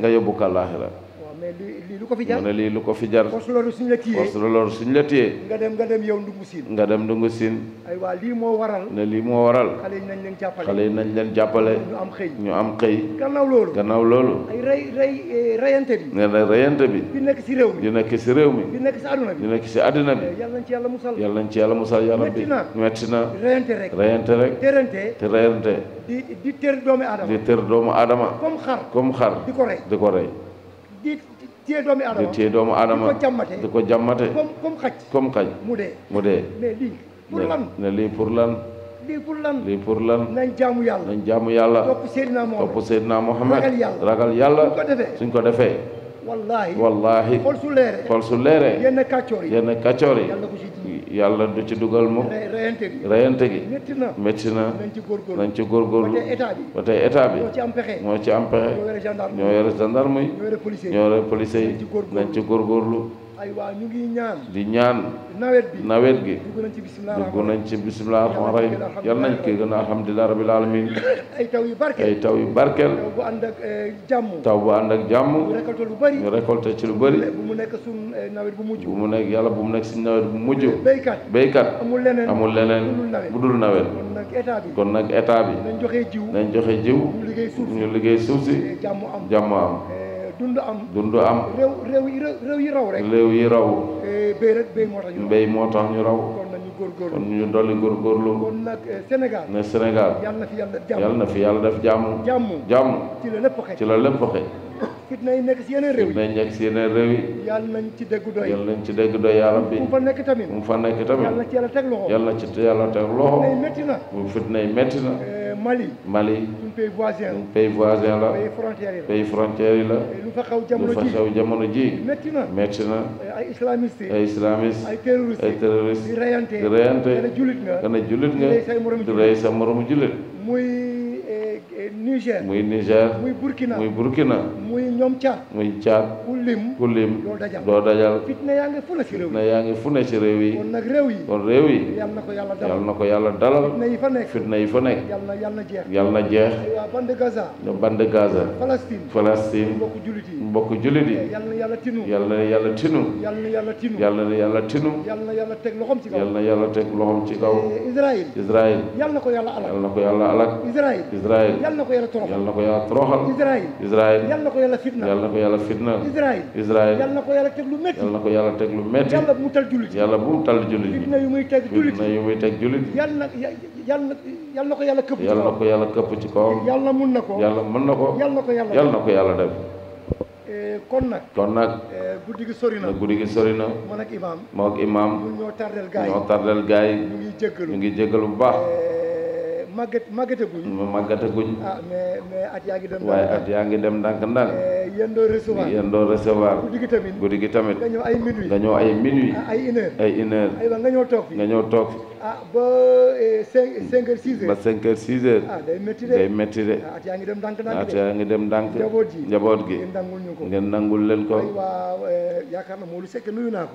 nga yóbbu ko àllaaxira lii ko fi jar mu ne lii lu ko fi jar postulor suñ la téye postulor suñ la téye nga dem nga dem yow ndungu siin nga dem ndungu siin ay waa lii moo waral ne lii moo waral xale yi nañ leen jàppale ñu am xëy ñu am xëy gannaaw loolu gannaaw loolu eh, ne na reyante bi di nekk si réew mi di nekk si réew mi di nekk si àdduna bi di nekk si àdduna bi eh, yàlla nañ ci yàlla musal yàlla nañ ci yàlla musal yàlla bi metti na reyante rek reyante rek terante te reyante di di tër doomu aadama di tër doomu aadama comme xar comme xar di ko téye doomu aadama di téye doomu aadama di ko jàmmate comme xaj comme xaj mu dee mu dee mais lii pour ne lii pour lan lii pour lan lii pour lan nañ jaamu yàlla nañ jaamu yàlla topp Seydina Mohamed topp Seydina Mohamed ragal yàlla suñ ko suñ ko defee wallaahi wallaahi xool su leeree su leeree yenn kaccoor yi yàlla du ci dugal moom reyante gi métti na métti na nañ ci góor ba tey état bi moo ci am pexe ñoo yore gendarme yi ñoo yore policier yi nañ ci góorlu aywa ñu ngi ñaan di ñaan nawet bi nawet gi dugg nañ ci bisimilah rahmaan rahim yal nañ koy gën a alhamdulilah rabil alamin ay taw yu barkeel taw yu barkeel taw bu ànd ak eh, jàmm taw bu ànd ak jàmm ñu récolté ci lu bëri bu mu nekk suñ eh, nawet bu mujj bu mu nekk yàlla bu mu nekk suñ nawet bu mujj béykat béykat amul leneen amul leneen bu dul nawet kon nag état bi nañ joxe jiw nañ joxe jiw ñu liggéey suuf si eh, jàmm am dund am dund am. réew réew yi raw rek. réew yi raw. Eh, béy rek moo tax ñu raw béy moo tax ñu raw. kon nañu góorgóorlu kon ñu dolli góorgóorlu. kon nag eh, Sénégal. ne Sénégal. yàlla na fi yàlla def jàmm yàlla jàmm. jàmm ci la lépp xëy ci la lépp fitna yi nekk si yeneen réew yi fitna yi nekk si yeneen réew yi. yàlla nañ ci dégg doy yàlla nañ ci dégg doy yaa rabbi. mu fa nekk tamit mu fa nekk tamit. yàlla na ci yàlla teg loxo. yàlla na ci yàlla teg loxo. fitna yi métti na. fitna yi métti Mali. Mali. suñu pays la pays voisin la. yi la lu fa xaw jamono ji lu fa jamono ji. métti na métti na. ay islamiste ay islamiste. ay terroriste ay reyante di reyante. gën a jullit nga gën a jullit nga. di rey sa moromu jullit. muy. Niger muy Niger. muy Burkina muy Burkina. muy ñoom Tchad. muy Tchad. ku lim doo dajal fitna yaa ngi fu ci réew yi fitna yaa kon réew yi. yal na ko yàlla dalal fitna yi fa nekk fitna yal na jeex. yal na jeex. waa Gaza. ñoom mbokk jullit yi mbokk jullit yal na yàlla tinu. yal na yàlla yàlla tinu. yal na yàlla na yàlla teg loxom ci kaw. yal yal na ko yàlla alak. yal yal na ko yàlla toroxal yal na yàlla toroxal Israël yal na ko yàlla fitna yal na yal na ko yàlla teg lu métti yal na ko yàlla teg lu métti tal jullit yàlla bu yal na ko yàlla këpp ci kawam yàlla na mën na ko yal na ko yàlla yal def kon nag kon nag guddi gi sori na guddi na moo ak imaam moo ak imaam ñoo tardel gaay ñoo ngi jéggalu bu baax màggat màggataguñ. màggataguñ. ah mais mais at yaa ngi dem. waaye at yaa ngi dem ndànk-ndànk. yéen doo recevoir yéen doo recevoir. guddi gi tamit guddi gi tamit. nga ñëw ay minuit nga ñëw ay minuit. ay une heure ay une heure. nga ñëw toog fi nga ñëw toog ah ba 5 eh, 5 heures 6 heures. ba 5 heures 6 heures. Ah, day métti de at ah, yaa ngi dem ndànk ndànk ngi dem ndànk. njaboot gi njaboot gi ngeen nangul ñu ko ngeen nangul leen ko. waaw eh, yaakaar na Modou Seck nuyu naa ko.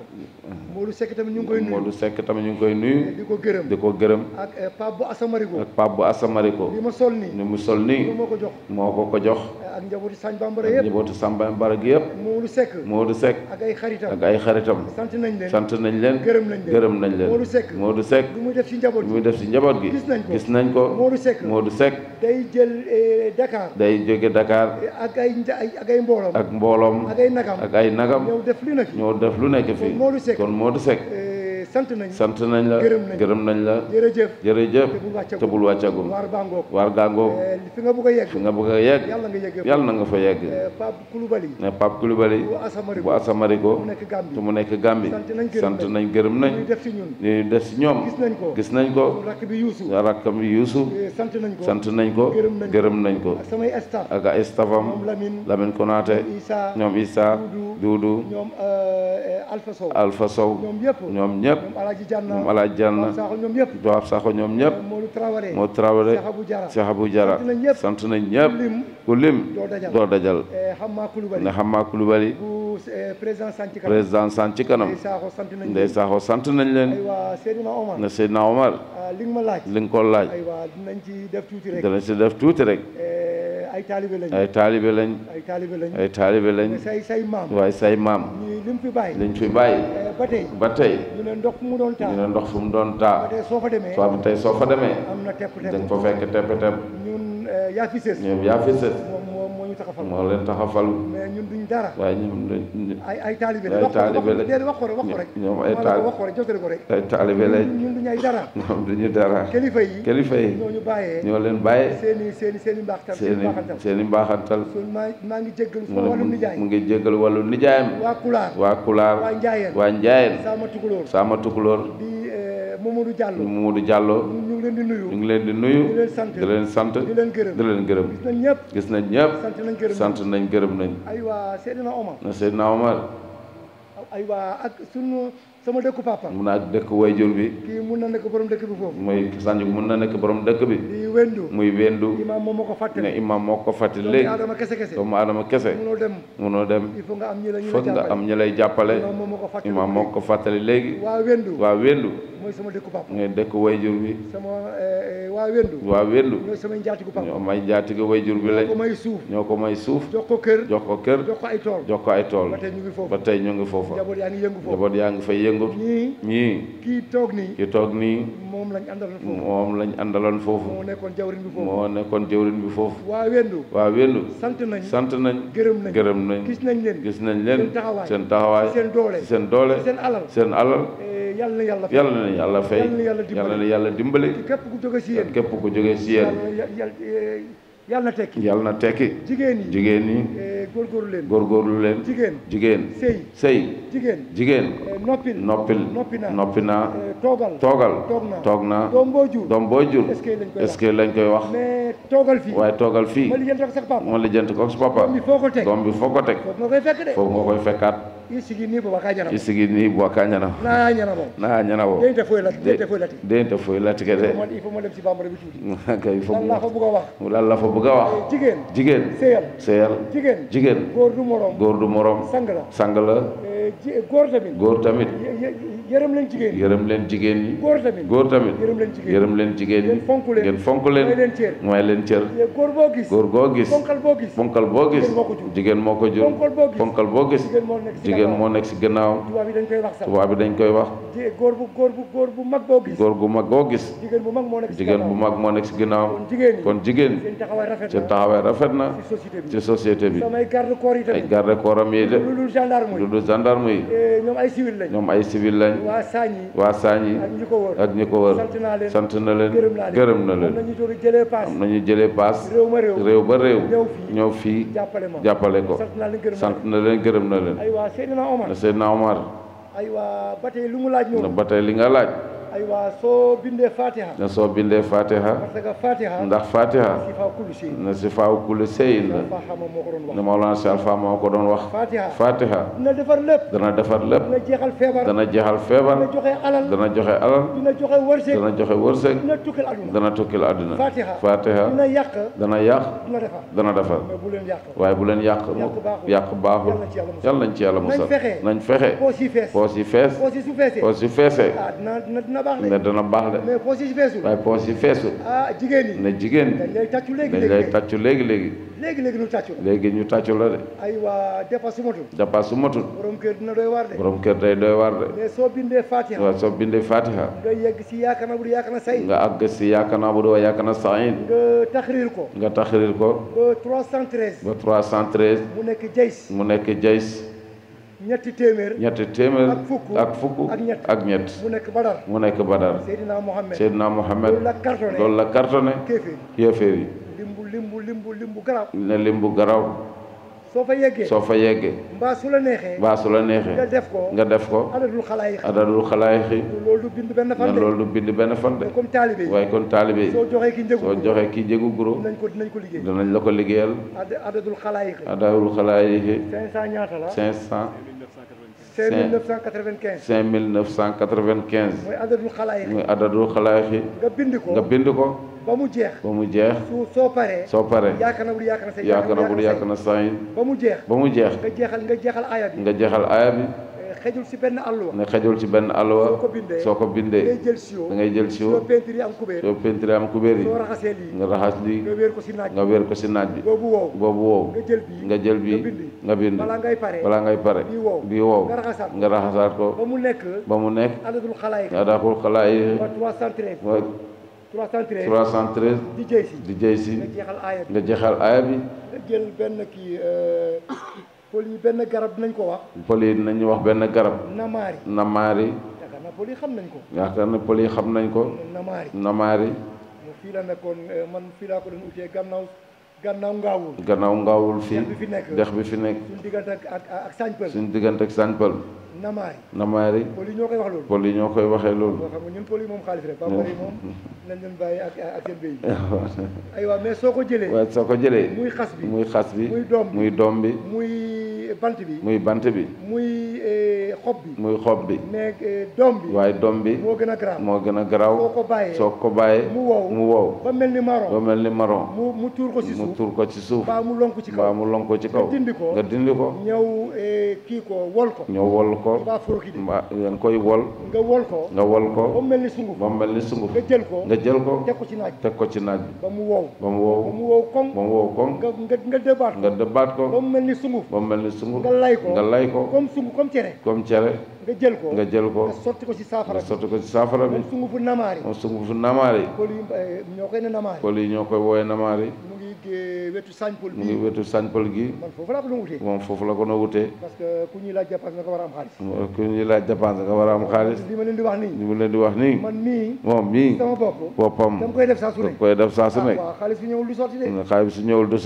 Modou Seck tamit ñu ngi koy nuyu Modou Seck tamit ñu ngi koy nuyu. Eh, di ko gërëm di ko gërëm. ak Pape bu Asamariko ak bu Asamariko. li ma sol nii ni mu sol nii. moo ko jox moo ko ko jox. ak njabootu Sañ Bambara yëpp ak njabootu gi yëpp. Modou Seck Modou Seck. ak ay xaritam ak ay xaritam. sant nañ leen sant nañ leen gërëm nañ leen lu muy def si njaboot gi muy def si njaboot gi. gis nañ ko gis nañ ko. Modou Seck Modou Seck. day jël eh, Dakar. day jóge dakaar ak ay ak ay ak mbooloom. ay nagam ak ay nagam. ñëw def lu nekk. ñëw def lu nekk fii kon Modou Seck. Eh, sant nañ sant nañ la gërëm nañ la jërëjëf jërëjëf te bul wàccagum waar gaangoog eh, fi nga bëgg a yegg fi nga bëgg a yegg yàlla na nga fa yegg eh, Pape Coulibaly ne eh, Pape Coulibaly bu Asamariko te mu nekk Gambie sant nañ gërëm nañ ñuy def si ñoom gis nañ ko rakk bi Youssou sant nañ ko gërëm nañ ko ak stafam Lamine Konaté ñoom Issa Doudou Alpha Sow ñoom ñëpp moom alaaji jànna doxab saxo ñoom ñëpp moo trawaré Cheikh Abou Diarra sant nañ ñëpp ku lim doo dajal ne xammaa Kulubali président sant ci kanam ndey saaxo sant nañ leen ne Seydina Omar ah, li nga ko laaj danañ si def tuuti rek ay taalibe lañ ay taalibe lañ ay taalibe lañ waaye say maam liñ fi bàyyi eh, ba tey ñu ne ndox fu mu doon taa ñu ne ndox fu mu doon taa soo tey soo fa demee dañ fa fekk tepp tepp ñun eh, yaa fi sës tax a falu moo leen tax a falu mais ñun duñ dara waaye ñoom dañ ay ay taalibe la ay taalibe la déedéet ko rek wax ko rek ñoom ay taal wax ko rek jotale ko rek ay taalibe la ñun duñ ay dara ñoom duñu dara kilifa yi kilifa yi ñoo ñu maa ngi jéggal wàllu mu ngi jéggal wàllu nijaayam waa kulaar waa kulaar waa njaayeen waa njaayeen saama tukulóor saama tukulóor Mamadou Diallo du Diallo ñu ngi leen di nuyu ñu ngi leen di nuyu di leen sant di leen gërëm di leen gërëm gis nañ ñëpp gis nañ ñëpp sant nañ gërëm nañ aywa Seydina Omar na Seydina Omar aywa ak sunu sama dëkku papa mu na ak dëkk wayjur bi kii na nekk borom dëkk bi foofu muy Sandiouga mun na nekk borom dëkk bi di wendu muy wendu moo ko fàttali ne imaam moo ko fàttali léegi doomu aadama kese kese doomu aadama kese munoo dem munoo dem il faut nga am ñi lay jàppale imaam moo ko fàttali léegi waa waa wendu mooy sama dëkku papa mooy dëkku wayjur bi sama eh, waa wendu waa wendu ñooy samay njaatigu papa ñoo may njaatigu wayjur bi lañ ñoo ko may suuf ñoo ko may suuf jox ko kër jox ko kër jox ko ay tool ay tool ba tey ñu ngi foofu ba tey ñu ngi foofa njaboot yaa ngi yëngu foofu fay yëngu ñii ñii kii toog nii kii toog nii moom lañ àndaloon foofu moom lañ àndaloon foofu moo nekkoon jawrin bi foofu moo nekkoon bi foofu waa wendu waa wendu sant nañ sant nañ gërëm nañ gërëm nañ gis nañ leen gis nañ leen seen taxawaay seen doole seen doole seen alal seen alal eh, yàlla na yàlla yàlla fay yàlla na yàlla dimbale képp ku jóge si yéen képp ku jóge si yéen eh, yàlla na tekki yàlla na tekki jigéen jigéen ñi eh, góorgóorlu leen leen jigéen jigéen sëy sëy jigéen jigéen eh, noppil noppil noppi naa toog naa doom boo jur doom boo jur est-ce que lañ koy wax toogal waaye toogal fi ma lijjanti ko sa papa doom bi foo ko teg foofu nga koy fekkaat i sigi ni baba ka ɲɛnabɔ i sigi ni baba ka ɲɛnabɔ n'a y'a ɲɛnabɔ n'a y'a ɲɛnabɔ den tɛ foyi latigɛ den tɛ foyi latigɛ den tɛ foyi latigɛ dɛ il faut modem si bambara bi tuuti nka il faut lafo buga wax wala lafo buga wax jigéen jigéen seyal seyal jigéen jigéen góor du morom góor du morom sang la sang la eh, eh, góor tamit góor tamit yërëm leen jigéen ñi yërëm leen jigéen ñi góor tamit góor tamit yërëm leen jigéen ñi yërëm leen jigéen ñi fonk leen ngeen fonk leen may leen cër may leen cër góor boo gis góor boo gis fonkal boo gis fonkal boo gis jigéen moo ko jur fonkal boo gis fonkal boo gis jigéen moo nekk jigéen moo nekk si gannaaw tubaab bi dañ koy wax sax tubaab mag boo gis jigéen bu mag moo nekk jigéen bu mag kon jigéen seen rafet na ci société bi ay lu gendarme yi eh, ñoom ay civil lañ waa saañ ak ñi ko wër sant na leen gërëm na leen am nañu jëlee paas réew ba réew ñëw fii jàppale ko sant na leen gërëm na leen Seydina Omar. Seydina Omar. aywa ba tey mu laaj noonu. ba li nga laaj. aywa soo ne soo bindee fatiha ndax fatiha ne si faaw kuli seyin la ne Mawlana si Alpha moo ko doon wax fatiha dana defar lépp dana defar lépp dana jeexal feebar dana joxe alal dana joxe alal wërsëg dana tukkil àdduna dana fatiha dana yàq dana defar waaye bu leen yàq yàq baaxul yàlla nañ ci yàlla musal nañ fexe poos yi fees poos yi fees baax de. ne dana baax de. mais poos yi feesul. waaye poos yi feesul. ah jigéen ñi. ne jigéen ñi. dañ lay tàccu léegi léegi dañ lay tàccu léegi léegi. léegi ñu tàccu la. léegi ñu tàccu la de. aywa dépasse su matul. dépasse su matul. borom kër dina doy waar day doy waar de. mais soo bindee Fatiha. waaw soo bindee Fatiha. nga yegg si yaakana bu yaakana say. nga àgg si yaakana bu doo yaakana sayin. nga taxrir ko. nga taxrir ko. ba 313. ba 313. mu nekk jays. mu nekk jays. ñetti téeméer ñett téeméer ak fukk ak fukk ak ñett mu nekk badar mu nekk badar Seydina Mohamed Seydina Mohamed loolu la cartonné kéeféer yi limbu limbu limbu limbu garaaw ne limbu garaw soo fa yeggee soo fa yeggee. mbaa su la neexee su la neexee. nga def ko nga def ko. adadul xalaayix adadul xalaayix. loolu du bind benn fan de loolu du bind benn fan de. comme taalibe yi waaye comme taalibe yi. soo joxee kii njëgu kii njëgu guro. dinañ ko dinañ ko liggéey dinañ la ko liggéeyal. adadul xalaayix. adadul xalaayix. 500 ñaata la 500. 5995 5995. muy adadul xalaayix muy adadul xalaayix. nga bind ko nga bind ko. ba mu jeex ba mu jeex. su soo paree soo paree. yaakaar na bul yaakaar na say yaakaar na bul yi. ba mu jeex ba mu jeex. nga jeexal nga jeexal aaya bi nga jeexal aaya bi. xejul benn alluwa ne xejul ci benn alluwa soo ko bindee soo ko bindee da ngay jël si da soo peinture am kubéer yi nga raxas ko ci naaj nga bi nga jël bii nga jël bii nga bind balaa ngay pare bii wow nga raxasaat ko ba mu nekk ba mu nekk adadul xalaay di jëy si nga jeexal aaya bi pël yi benn garab nañ ko wax. pël yi nañu wax benn garab. namaari namaari. yaakaar na pël yi xam nañ ko. yaakaar na yi xam nañ ko. namaari namaari. fii la nekkoon eh, man fii laa ko doon utee gannaaw gannaaw ngaawul. gannaaw ngaawul fii dex bi fi nekk dex bi fi nekk. suñ diggante ak ak ak sañ pël. suñ pël. namaari namaari pël yi ñoo koy loolu pël yi ñoo koy waxee loolu boo xam nga ñun pël yi moom xaalis rek ba pare moom nañ leen bàyyi ak ak seen béy bi mais soo ko jëlee waaw soo ko jëlee muy xas bi muy xas bi muy doom muy doom bi muy bant bi muy bant bi muy e, xob bi muy xob bi mais e, doom bi waaye doom bi moo gën a garaaw moo gën a garaaw soo ko bàyyee soo ko bàyyee mu wow mu wow ba mel ni marron ba mel ni marron mu mu tuur ko ci suuf mu tuur ko ci suuf baa mu lonk ci kaw baa mu lonk ci kaw nga dindi ko nga dindi ko ñëw e, kii ko wol ko ko ma nga koy wol nga wol ko nga wol ko ba mu mel ni sunguf ba mu mel ni sunguf nga jël ko nga jël ko teg ko ci naaj teg ko ci naaj bi ba mu wow ba mu wow ba mu koŋ ba mu wow koŋ nga nga nga dëbaat ko ba mu mel ni sunguf ba mel ni sunguf nga lay ko nga lay ko comme sunguf comme cere comme cere nga jël ko nga jël ko nga sotti ko ci saafara bi sotti ko ci saafara bi moom sungufu namaari moom sungufu namaari eh, kol yi ñoo koy wooye namaari wetu sañpol mu ngi wetu sañpol gi moom foofu la ko noo wutee ku ñuy laaj dépense nga war a am xaalis ku ñuy laaj dépense nga war a am xaalis li ma leen di wax nii li ma leen di wax nii man moom mii sama bopp boppam dama koy def saa su nekk koy def saa su nekk ah, xaalis su ñëwul du sotti de mm, xaalis su ñëwul ah,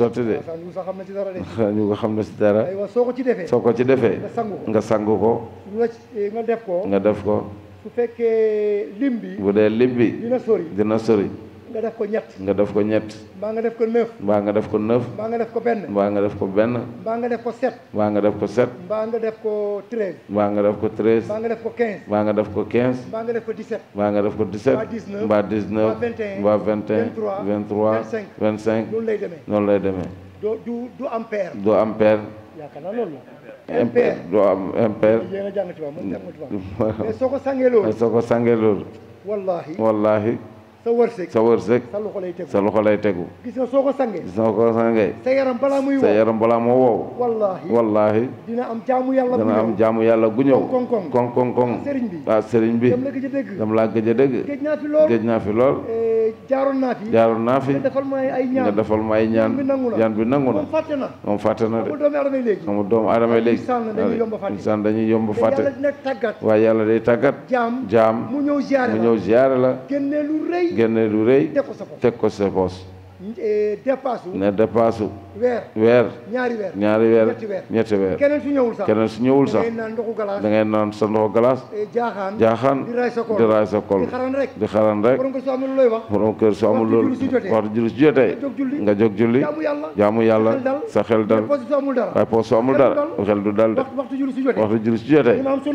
xam ne si dara de xam ne si dara soo ko ci defee soo ko ci defee nga sangu ko eh, nga def ko nga def ko su fekkee lim bi bu dee lim bi dina sori dina sori nga def ko ñett. nga def ko ñett. mbaa nga def ko neuf. mbaa nga def ko neuf. mbaa nga def ko benn. mbaa nga def ko benn. mbaa nga def ko sept. mbaa nga def ko sept. mbaa nga def ko treize. mbaa nga def ko treize. mbaa nga def ko quinze. mbaa nga def ko quinze. mbaa ko dix-sept. mbaa nga def ko dix-sept. mbaa dix neuf. mbaa dix neuf. mbaa vingt et un. vingt trois. vingt cinq. vingt noonu lay demee. noonu lay du du am paire. du am paire. am impair. mais soo ko sàngee soo ko loolu. wallaahi. sa wërsëg sa wërsëg sa loxo lay tegu sa yaram balaa muy wow sa yaram moo wow. wallaahi dina am jaamu yàlla bu ñëw dina am jaamu yàlla gu ñëw. koŋ sëriñ bi ah sëriñ gëj a dégg gëj naa fi lool gëj naa fi lool. Eh, jaaroon naa fi nga defal ma ay ñaan nga bi nangu na moom fàtte na. moom fàtte na doomu aadama yi léegi. insaan dañuy yomb fàtte waaye yàlla day tàggat jaam mu ñëw ziyaare la génne lu rëy teg ko sa poos dépassu. na dépassu. weer ñaari weer ñaari weer keneen su ñëwul sax keneen naan ndoxu galaas da ngay sa ndoxu galaas. Eh, jaaxaan di raay sa kol di raay sa kol. di xaran rek borom kër su amul wax. borom kër waxtu julli su jotee nga jóg julli. jaamu yàlla sa xel dal. waaye poos su amul dara xel du dal de. waxtu julli su jotee imaam su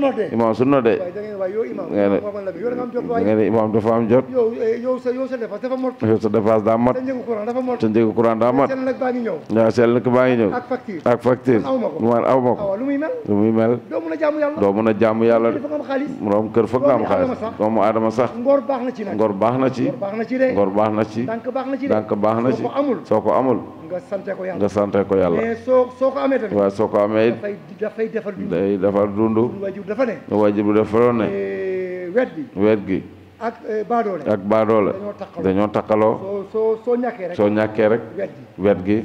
noddee imaam ne imaam dafa am jot. yow eh, sa dépense daa te njëgu courant daa mat waaw seel nag baa ngi ñëw ak facture man aw ma ko lu muy mel doo mën jàmm yàlla de kër foog nga am xaalis doomu aadama sax ngor baax na ci ngor baax na ci dànk baax na ci soo ko amul nga sante ko yàlla nga sante ko yàlla. mais soo ko amee tamit. waaw soo ko amee it. defar dund. day defar dund. ne. Eh, wet gi. ak euh, baadoole ak baadoole dañoo takkaloo soo soo ñàkkee rek soo ñàkkee rek wet gi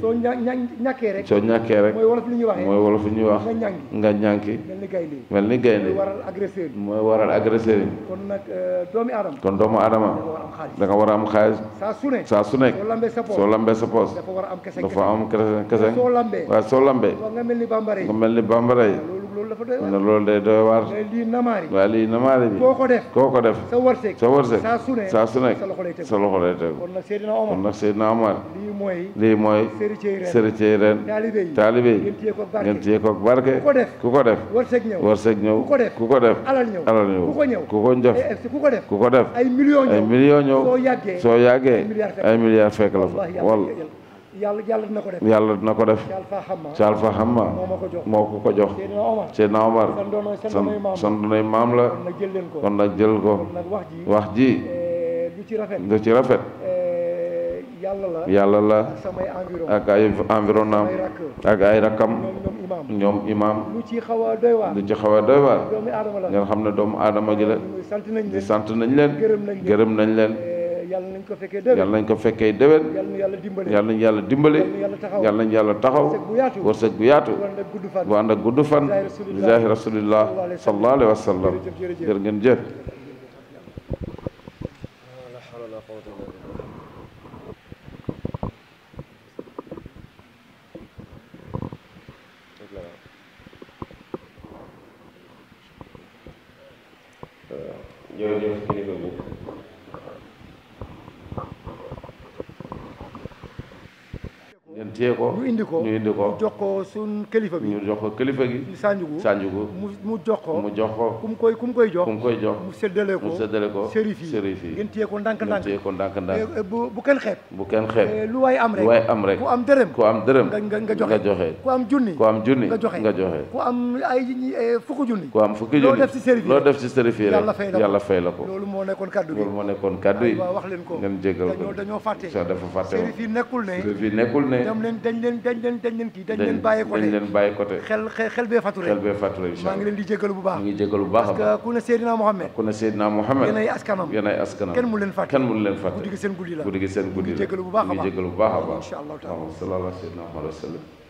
soo ñàkkee rek mooy wolof li ñuy wax mooy wolof li ñuy nga ñànki mel ni gaynde mooy waral agresseur yi kon euh, doomu aadama kon doomu aadama da war a am xaalis saa su nekk soo lambee sa poos dafa am kese kese waaye soo lambee nga mel ni bambara yi loolu dafa doy waar loolu day doy waar. lii namaari waaye lii namaari bi. koo ko def koo ko def. sa wërsëg sa wërsëg saa su ne saa su ne sa loxo lay tegu sa loxo lay tegu. kon nag Seydina Omar kon nag Seydina Omar. lii mooy lii mooy. sërëcëy ren taalibe yi ngeen téye ko barke ku ko def ku ko def. wërsëg ñëw wërsëg ñëw ku ko def. alal ñëw alal ñëw ku ko ñëw ku ko njëf ku ko def. ay millions ñëw ay millions ñëw soo yàggee ay milliards fekk la fa wal yàlla yàlla dina ko def yàlla dina ko def caal fa xam ma moo ko ko jox Seydina Omar san san dunay maam la kon na jël ko wax ji eh, du ci rafet eh, yàlla la ak ay environnement ak ay rakam ñoom imaam lu ci xaw a doy waar ngeen xam ne doomu aadama ji la sant nañ leen gërëm nañ leen yàlla nañ ko fekkee déwén yàlla nañ ko fekkee déwén yàlla nañ yàlla yàlla nañ yàlla taxaw wërsëg bu yaatu bu ànd ak gudd fan bi zaahi rasulillah sallallahu ngeen téye ko ñu indi ko ñu indi ko jox ko suñ kilifa bi ñu jox ko kilifa gi sànjugu sànjugu mu mu jox ko mu jox ko ku mu koy ku koy jox ku mu koy jox mu ko mu ko sérif yi yi ngeen téye ko ndànk ndànk ngeen téye ko ndànk eh, eh, bu bu kenn bu kenn xeeb eh, lu am rek lu am rek ku am dërëm ku am dërëm nga joxe nga joxe ku am junni ku am junni nga nga joxe ku am ay junni am fukki junni loo def ci sérif yi loo def ci sérif yi rek yàlla fay la ko loolu moo nekkoon kaddu yi moo nekkoon kaddu yi ngeen jégal ko dañoo fàtte dafa fàtte sérif yi nekkul ne ñoom leen dañ leen dañ leen dañ leen kii dañ leen bàyyi côté dañ leen bàyyi côté xel xel bee fàttule xel bee fàttule incha allah maa di jégalu bu baax maa ngi jégalu bu ku ne Seydina Mohamed ku ne Seydina Mohamed yéen ay askanam yéen ay askanam kenn mu leen fàtte kenn mu leen